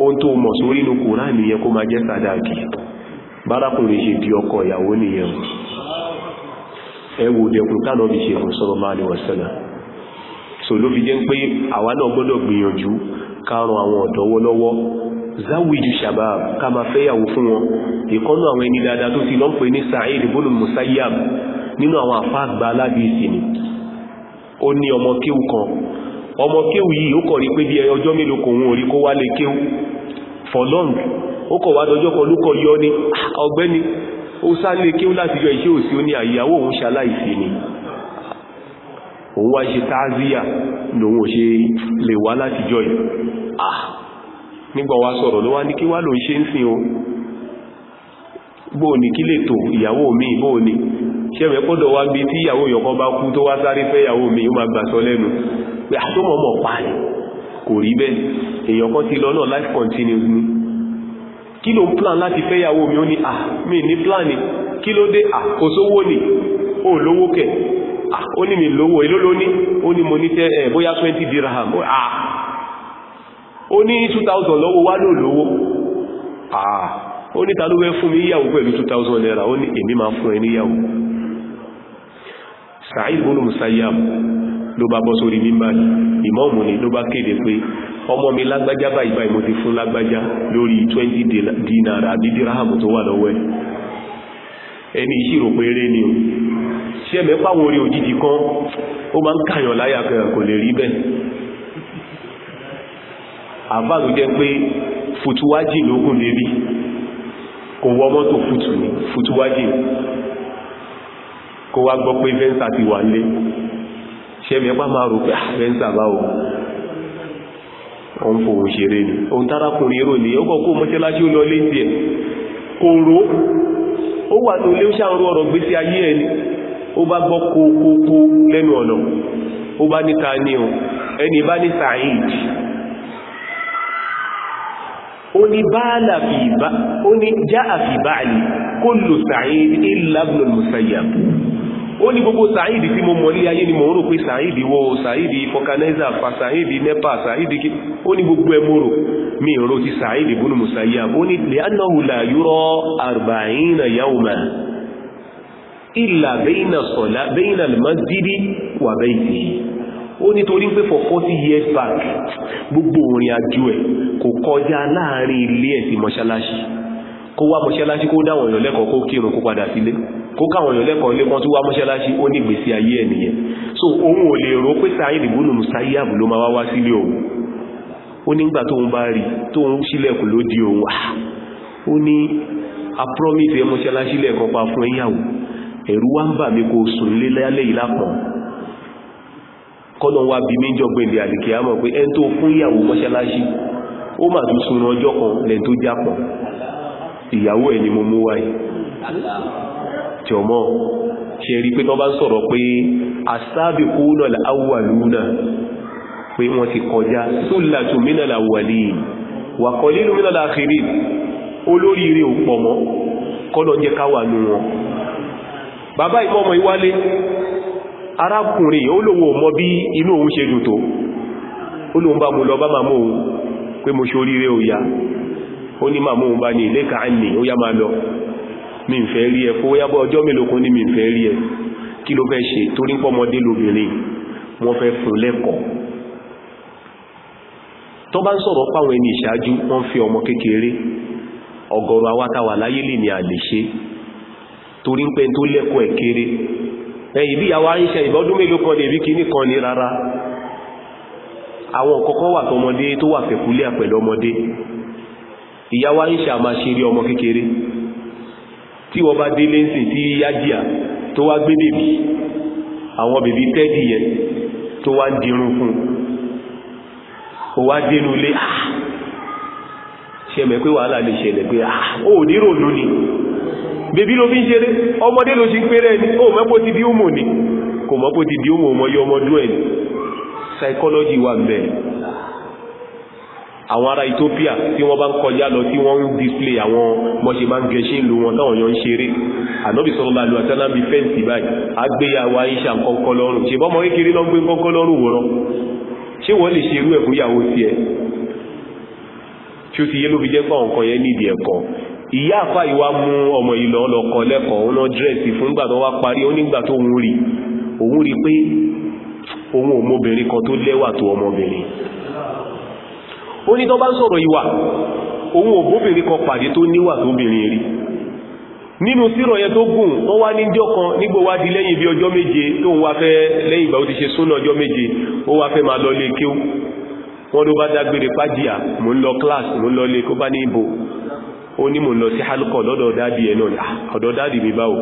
ohun tó mọ̀ sórí inú kùránì yẹn kó máa jẹ́ sàdáàkì ọkọ ìyàwó nìyẹn ẹwù záwìjú shabab ká ma fẹ́yàwó fún wọn ìkọ́nù àwọn ẹni dáadáa tó ti lọ́n pè ní Sa'id bólú Musayyab nínú àwọn àfá àgbà alábìsì ni ó ní ọmọ kéwù kan ọmọ kéwù yìí ó kọ̀ rí pé bí ọjọ́ mélòó kò wọn orí kó wá lè kéwù for long ó kọ̀ wá nígbà wa sọ̀rọ̀ ló wá ní kí wá ló ń ṣe ń sin o bóò ní kí lè tò ìyàwó mi bóò ní ṣẹ́mẹ̀ pọ́dọ̀ wá bí tí ìyàwó yọ̀kan bá kú tó wá sáré fẹ́ ìyàwó mi ó máa gbà sọ lẹ́nu pé àtọ́mọ̀mọ̀ ah, pa ni kò rí bẹ́ẹ̀ èèyàn kan ti life continues ni kí plan láti fẹ́ ìyàwó mi ó ah, mi ni kí ló dé à ah, kò sówó ni ó lówó kẹ̀ mi lówó èló ló ní ó ní mo ní tẹ́ bóyá ó ní 2000 lọ́wọ́ wá lò lówó àà ah, ó ní ta ló fẹ́ fún mi níyàwó pẹ̀lú 2000 naira ó ní èmi máa fún ẹ níyàwó Sa'id ibn Musayyab ló bá bọ́ sórí mímbà ìmọ́ọ̀mù ni ló bá kéde pé ọmọ mi lágbájá báyìí báyìí mo ti fún lágbájá lórí 20 dinara àbí díráhàmù tó wà lọ́wọ́ ẹ̀ ẹni ìṣirò pé eré ni o ṣẹ́mẹ́pàwọn orí òjìjì kan ó máa ń kàyàn láyà kò lè rí bẹ́ẹ̀ àbáàlù jẹ́ pé futuwaji lókùn lè rí kò wọ mọ́tò futu ní futuwaji kò wá gbọ́ pé venza ti wà lé ṣẹ́mi ẹpá máa rò pé venza báwo ọ̀n fòun ṣeré ni ohun tárakùnrin èrò ní ọkọ̀ kó mọ́ṣẹ́láṣí ó lọ lé ti ẹ̀ kò ró ó wà tó lé ó ṣàrú ọ̀rọ̀ gbé sí ayé ẹni ó bá gbọ́ kókókó lẹ́nu ọ̀nà ó bá níta ní ọ ẹni bá ní Saheed ó ní báàlà fi bá ó ní já àfi báàlì kó lù sàáìd ìlàbùn olùsàyàb ó ní gbogbo sàáìd tí mo mọ̀ ní ayé ni mo rò pé sàáìd wọ sàáìd fọkanáìzà fa sàáìd nepa sàáìd kí ó ní gbogbo ẹmọ́rò mi rò ti sàáìd búnú musayab 40 years back gbogbo òrìn àjò ẹ̀ kò kọjá láàrin ilé ẹ̀ sí mọ́ṣáláṣí kó wá mọ́ṣáláṣí kó dáwọn èèyàn lẹ́kọ̀ọ́ kó kírun kó padà sílé kó káwọn èèyàn lẹ́kọ̀ọ́ ilé kan tó wá mọ́ṣáláṣí ó ní ìgbésí ayé ẹ̀ so òun ò lè rò pé sáyé ìdìbònú musayiabu ló máa wá wá sílé òun ó nígbà tóun bá ah! a promise ẹ mọ́ṣáláṣí lẹ́ẹ̀kan pa fún ẹ̀yàwó ẹ̀rù wá ń bà mí kó sùn lé lálẹ́ ìlápọ̀n kọ́nà wá bí méjọ gbẹ̀lẹ̀ àdìkì àmọ̀ pé ẹn tó fún ìyàwó mọ́ṣáláṣí ó mà tún sun ọjọ́ kan lẹ́n tó jápọ̀ ìyàwó ẹ̀ ni mo mú wáyé jọmọ́ ṣe rí pé tán bá sọ̀rọ̀ pé asábìkúnà láwàlúnà pé wọ́n ti kọjá sólàtù mínàlá wàlí wàkọ̀ nínú mínàlá àkìrí olóríire ò pọ̀ mọ́ kọ́lọ̀ jẹ́ káwà nù wọn bàbá ìmọ́mọ̀ ìwálé arákùnrin olówó mọ́ bí inú òun ṣe dùn tó olóhun bá mú lọ bá máa mú òun pé mo ṣoríire ó yá ó ní màmú bá ní ilé kàánì ó yá máa lọ mi ń fẹ́ rí ẹ fó yábọ́ ọjọ́ mélòkún ní mi ń fẹ́ rí ẹ kí ló fẹ́ ṣe torí pọ́mọdé lóbìnrin wọ́n fẹ́ fún lẹ́kọ̀ọ́ tó bá ń sọ̀rọ̀ páwọn ẹni ìṣáájú àwọn kọ́kọ́ wà tọmọdé tó wà fẹ̀kúlẹ̀ pẹ̀lú ọmọdé ìyá wa ń ṣàmà ṣe rí ọmọ kékeré tí wọ́n bá délé ń sìn tí yájíà tó wá gbé bèbí àwọn bèbí tẹ́dì yẹn tó wá ń dirun fún o wá dénú lé ah! ṣe mẹ́ pé wàhálà lè ṣẹlẹ̀ pé ah! ó nírò ló ní bèbí ló fi ń ṣeré ọmọdé ló ṣe ń pẹ́rẹ́ ní ó mọ́pọ̀ ti di ó mò ní kò mọ́pọ̀ ti di ó mò yọ ọmọdún ẹ̀ psychology wà ń bẹ àwọn ará Ethiopia tí wọ́n bá ń kọjá lọ tí wọ́n ń display àwọn mọ́ṣe bá ń gẹṣẹ́ ìlú wọn táwọn yọ ń ṣeré ànábì sọ́lọ́lá lu àtàlábì fẹ́ǹsì báyìí agbéyàwó aisha kọ́kọ́ lọ́rùn ṣe bọ́mọ kékeré lọ gbé kọ́kọ́ lọ́rùn wọ́rọ́ ṣé wọ́n lè ṣerú ẹ̀ fúyàwó sí ẹ tí ó ti yé ló fi jẹ́ pọ̀ nǹkan yẹn nídìí ẹ̀kọ́ ìyá àfá ìwá mú ọmọ ìlọ ọlọ́kọ̀ lẹ́kọ̀ọ́ ó ná dírẹ́sì fún òun ò mọ́bìnrin kan tó lẹ́wà tó ọmọbìnrin ó ní tó bá ń sọ̀rọ̀ ìwà òun ò bóbìnrin kan pàdé tó níwà tó bìnrin rí nínú sírọ̀ yẹn tó gùn wọ́n wá ní jọ́ kan nígbò wá di lẹ́yìn bí ọjọ́ méje tó ń wá fẹ́ lẹ́yìn ìgbà ó ti ṣe súnà ọjọ́ méje ó wá fẹ́ máa lọ lé kéw wọ́n ló bá dágbére pàjíyà mò lọ class mò ń kó bá ní ìbò ó ní mò lọ sí halkọ̀ lọ́dọ̀ dáàdì ẹ̀ náà ah, ọ̀dọ̀ dáàdì mi báwo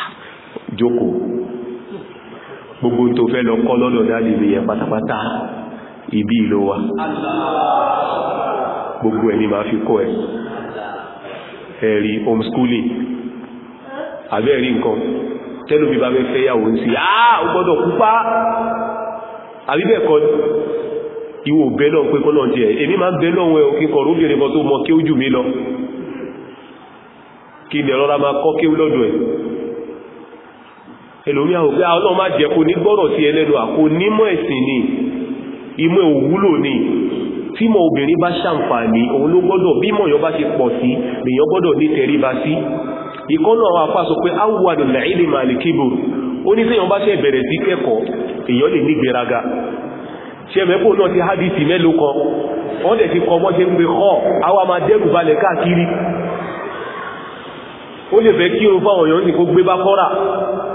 ah, jókòó gbogbo tó fẹ́ lọ kọ́ lọ́dọ̀ dáadé mi yẹn pátápátá ibi ìlò wa gbogbo ẹni máa fi kọ́ ẹ̀ ẹ̀rí homeschooling àbẹ́ẹ̀rí nǹkan tẹ́lú mi bá fẹ́ fẹ́ yàwó ń sí àà ó gbọ́dọ̀ kúpá àbíbẹ̀ẹ̀kọ́ ìwò bẹ́lọ̀ pé kọ́nà jẹ́ èmi máa bẹ́lọ̀ wọn òkín kọ̀ rúbìnrin ẹlòmí àwọn ah, òbí àwọn máa jẹ́ kó ní gbọ́rọ̀ sí ẹlẹ́nu àkó nímọ̀ ẹ̀sìn ni ìmọ̀ òwúlò ni tí mọ̀ obìnrin bá ṣàǹfààní òun ló gbọ́dọ̀ bí mọ̀ yọ bá ṣe pọ̀ sí lèyàn gbọ́dọ̀ ní tẹríba sí ìkọ́nà àwọn apá sọ pé awùwàdùn làílì màlìkíbò ó ní tẹ́yàn bá ṣe bẹ̀rẹ̀ sí kẹ́kọ̀ọ́ èyàn lè ní gbéraga ṣẹ́mẹ́kò fáwọn èèyàn sì kó gbé bá kọ́ra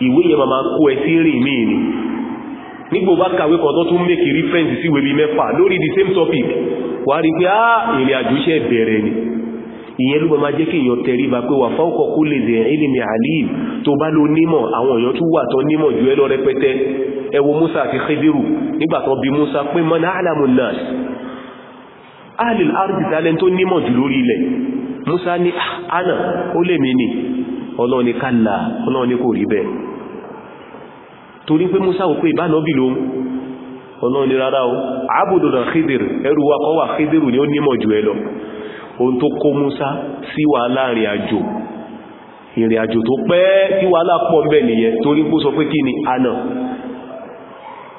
ìwé yẹn máa kó ẹ sí rìn míì ni nígbò bá kàwé kan tó tún make reference sí wèbí mẹ́fà lórí the same topic wà rí pé á ah, ìrìn àjò iṣẹ́ bẹ̀rẹ̀ ni ìyẹn ló máa jẹ́ kí èèyàn tẹríba pé wà fáwọ́kọ̀ kó lè zẹ̀ ilimi alim tó bá ló nímọ̀ àwọn èèyàn tún wà tán nímọ̀ jù ẹ lọ rẹpẹtẹ ẹ wo Musa àti Khidiru nígbà tán bí Musa pé mọ́nà alamun alil ardi talent tó nímọ̀ jù lórí ilẹ̀ Musa ní ah, ana ó lè mí ni ọlọ́ni kálà ọlọ́ni kò rí bẹ́ẹ̀ torí pé Musa wò pé ìbánàbì lòun ọ̀nà ni rárá o abúdùnà Khidir ẹrù wa kọ́ wà Khidiru ni ó nímọ̀ jù ẹ lọ ohun tó kó Musa sí wà láàrin àjò ìrìn àjò tó pẹ́ tí wà lápọ̀ mẹ́ nìyẹn torí pó sọ pé kí ni àná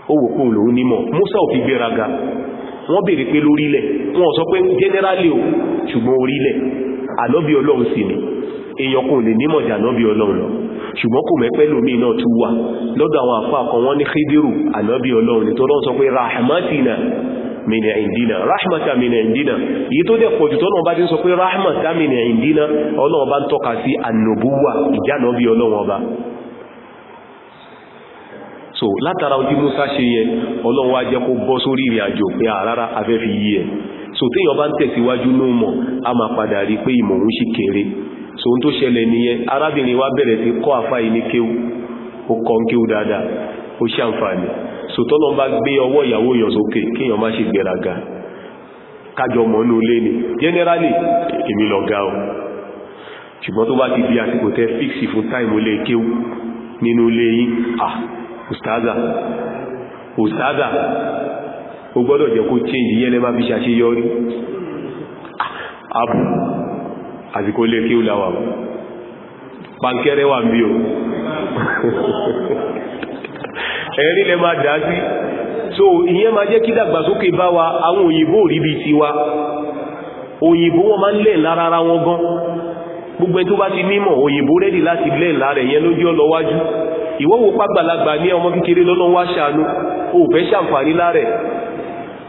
ó wò pé òun nímọ̀ Musa ò fi gbéraga wọ́n béèrè pé lórílẹ̀ wọ́n sọ pé generally o ṣùgbọ́n orílẹ̀ ànọ́bí Ọlọ́run sì ni èèyàn kò lè nímọ̀ jà ànọ́bí Ọlọ́run lọ ṣùgbọ́n kò mẹ́pẹ́ lómi náà tún wà lọ́dọ̀ àwọn àfáà kan wọ́n ní Khidiru ànábí ọlọ́run ni tó lọ́n sọ pé rahmatina min indina rahmata min indina yìí tó dẹ̀ pọ̀jù tó náà bá ti sọ pé rahmata min indina ọlọ́run ń tọ́ka sí annobuwa ìjánábí ọlọ́run so látara ojú Musa ṣe yẹ ọlọ́run wá jẹ́ kó bọ́ so téèyàn bá ń tẹ̀síwájú ní mọ̀ a máa padà rí pé ìmọ̀ òun sì kéré so n tó ṣẹlẹ̀ nìyẹn arábìnrin wa bẹ̀rẹ̀ sí kọ́ àfá yìí ní kéwú ó kọ́ ń kéwú dáadáa ó ṣàǹfààní so tọ́lọ bá gbé ọwọ́ ìyàwó èèyàn sókè kíyàn má ṣe gbéraga kájọ mọ̀ ní olé ni generally èmi lọ ga o ṣùgbọ́n tó bá ti di àsìkò tẹ́ fíksì fún táìmù olé kéwú nínú olé yìí ah ustaza ustaza ó gbọ́dọ̀ jẹ́ kó change yẹ́lẹ́ má fi ṣàṣeyọrí ah abu àsìkò lè kí ó láwà pankẹ́rẹ́ wà bí o ẹ̀rí lẹ máa dá sí so ìyẹn máa jẹ́ kí dàgbàsókè bá wa àwọn òyìnbó rí bí ti wa òyìnbó wọn máa ń lẹ̀ lára ara wọn gan gbogbo ẹni tó bá ti nímọ̀ òyìnbó rẹ́dì láti lẹ̀ lára ẹ̀yẹn lójú ọlọ́wájú ìwọ́wò pàgbàlagbà ní ọmọ kékeré lọ́lọ́wọ́ aṣàánú ó fẹ́ ṣàǹfààní lára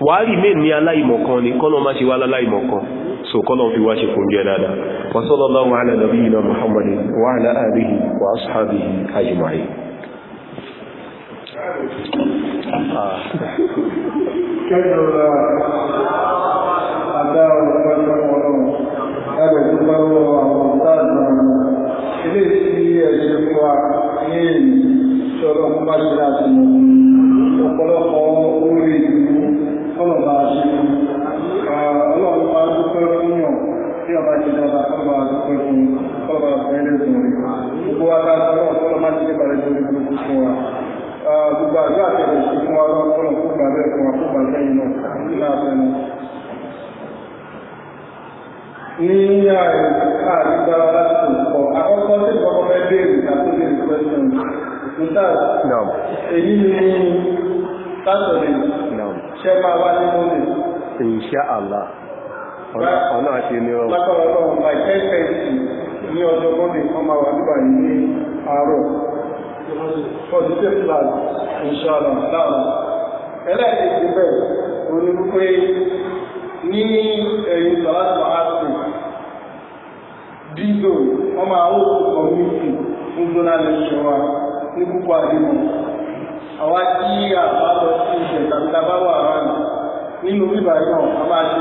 wàá rí ní aláìmọ̀kan ni kọ́nà má ṣe wá láláìmọ̀kan so kọ́lọ̀ fi wá ṣe kò jẹ́ dáadáa wasallallahu ala nabiyyina muhammadin wa ala alihi wa ashabihi ajma'in ah. Ọ̀pọ̀lọpọ̀ gbogbo àjọ àtẹ̀kù sí fún wa lọ́wọ́ fún òkú gbà bẹ́ẹ̀ fún àkókò lẹ́yìn náà nílá àtẹnu. ní ààrẹ àdúgbà láti kọ àkọ́kọ́ tí kọ́kọ́ fẹ́ béèrè àtúndé ìfẹ́sùn nígbà èyí ni sátọ̀dé ṣẹ́ máa wá ní mọ́lẹ̀. Insha Allah ọ̀nà àti ní ọ̀rọ̀. Lákọ̀ọ́lọ́run, by 10:30 ní ọjọ́ mọ́lẹ̀, wọ́n máa wà nígbà ní àárọ̀. for tó fi láàrín ìṣọ́lọ̀ láàrín ẹlẹ́ẹ̀kejì bẹ́ẹ̀ orí ní ẹ̀yìn sọ̀láṣọ̀ àti dídò wọ́n máa ó kọ̀mítì fún lẹ́ṣọ́ wa ní púpọ̀ àdínú àwa tí àbá sí ìṣẹ̀ tàbí tàbá wà nínú bíbá a máa ṣe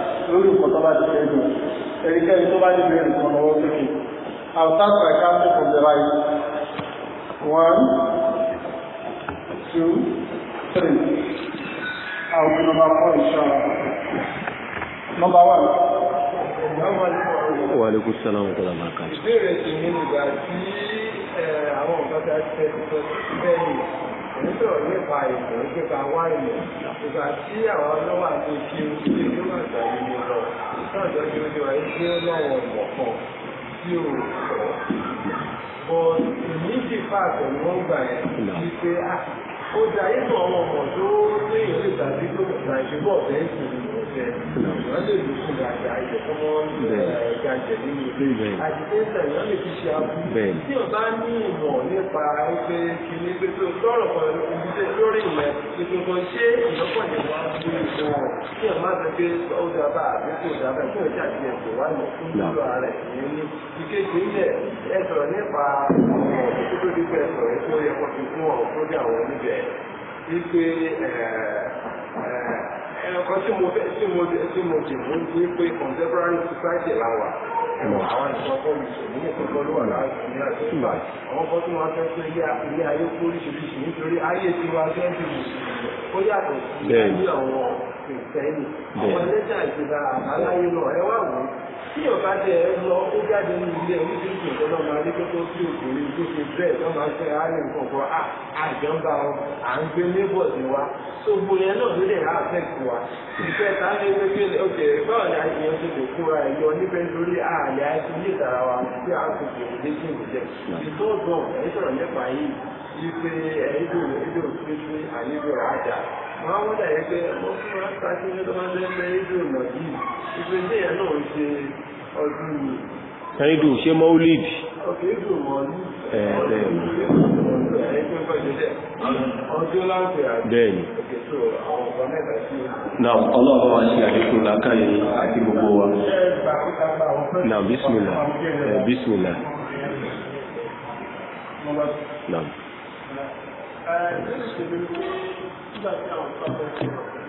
lórí nǹkan tó bá ti fẹ́ dùn ẹnikẹ́ni tó bá ti bẹ̀rẹ̀ nǹkan lọ́wọ́ sókè I will start my count from the right one two three I will be number four inshallah number one. Wa aleykum salaam wa rahmatulah wa barakatuh. Ìbéèrè tèmi nígbà tí eh, àwọn nǹkan tá a ti tẹ̀sí sọ sí bẹ́ẹ̀ ni. ụzọ awa ọrụ nhegbaịbwane ị ga-ahị ya ọnụ waị chi i o iji npak neụjhụ ụei bẹ́ẹ̀ tí o bá ní ìmọ̀ nípa ẹgbẹ́ kìíní pé tó tọrọ kan ìdílé lórí ìyẹn ìgbìmọ̀ ṣé ìlọ́pọ̀ yẹn wá sí ipò kí ẹ̀ má sọ pé ó dábàá àbí kò dábàá kí ọjà ti ẹ̀sọ̀ wá lọ fún ìlú ààrẹ ìyẹn ní ìkéde ilẹ̀ ẹ sọ̀rọ̀ nípa ọ̀rọ̀ tó tó dé pẹ̀ sọ̀rọ̀ tó yẹ kó fi fún ọ̀rọ̀ tó dé àwọn oníbẹ̀ wípé ẹ̀ẹ̀kan tí mo fẹ́ tí mo tí mo dì mú ní pé contemporary society la ẹ̀wọ̀n hmm. àwọn ìsọ̀kọ́ ìṣòwò ní ìkọ̀kọ́ ló wà ní àtúntò hmm. àwọn kan tí wọ́n fẹ́ pé ilé ayé kó oríṣiríṣi nítorí ayé tí wọ́n fẹ́ bí ó yàtọ̀ sí ní àwọn kìrìtẹ́nì àwọn ẹlẹ́jà ìjọba àbáláyé náà ẹ wà wọ́n. tí yóò bá jẹ lọ ó jáde ní ilé nke ìjọ náà máa rí kótó tí òkùnrin tó ṣe bẹ́ẹ̀ tó máa ṣe àárín nǹkan kan ọ à ń gbé sí wa gbogbo yẹn náà ló lè rà àfẹ́kù wa oge ta ní pé ọkẹ́ báwo ni àìyàn ṣe lè kóra ẹ̀yọ níbẹ̀ lórí ààyè àti ilé ìtara wa tí a kò ṣe lè ṣe ìrìnlẹ̀ ìtọ́gbọ̀n ẹ̀ sọ̀rọ̀ nípa yìí máa wọ́n dà yẹ pé ọmọ fún wa ta sí ní ọmọ ẹgbẹ́ ẹgbẹ́ rédíò náà yìí ìpè ní ẹ̀yà náà ń ṣe ọdún yìí. Ẹ̀ẹ́dù ṣé Maulid? Ọ̀kẹ́ ìdùn mọ́ ní ọdún yìí. Ọjọ́ láǹfẹ̀ àti. Bẹ́ẹ̀ni. Now, Allah bá wa ṣe àdékùn lákàyè àti gbogbo wa. Now, bismillah. Uh, bismillah. Now. touchdown from this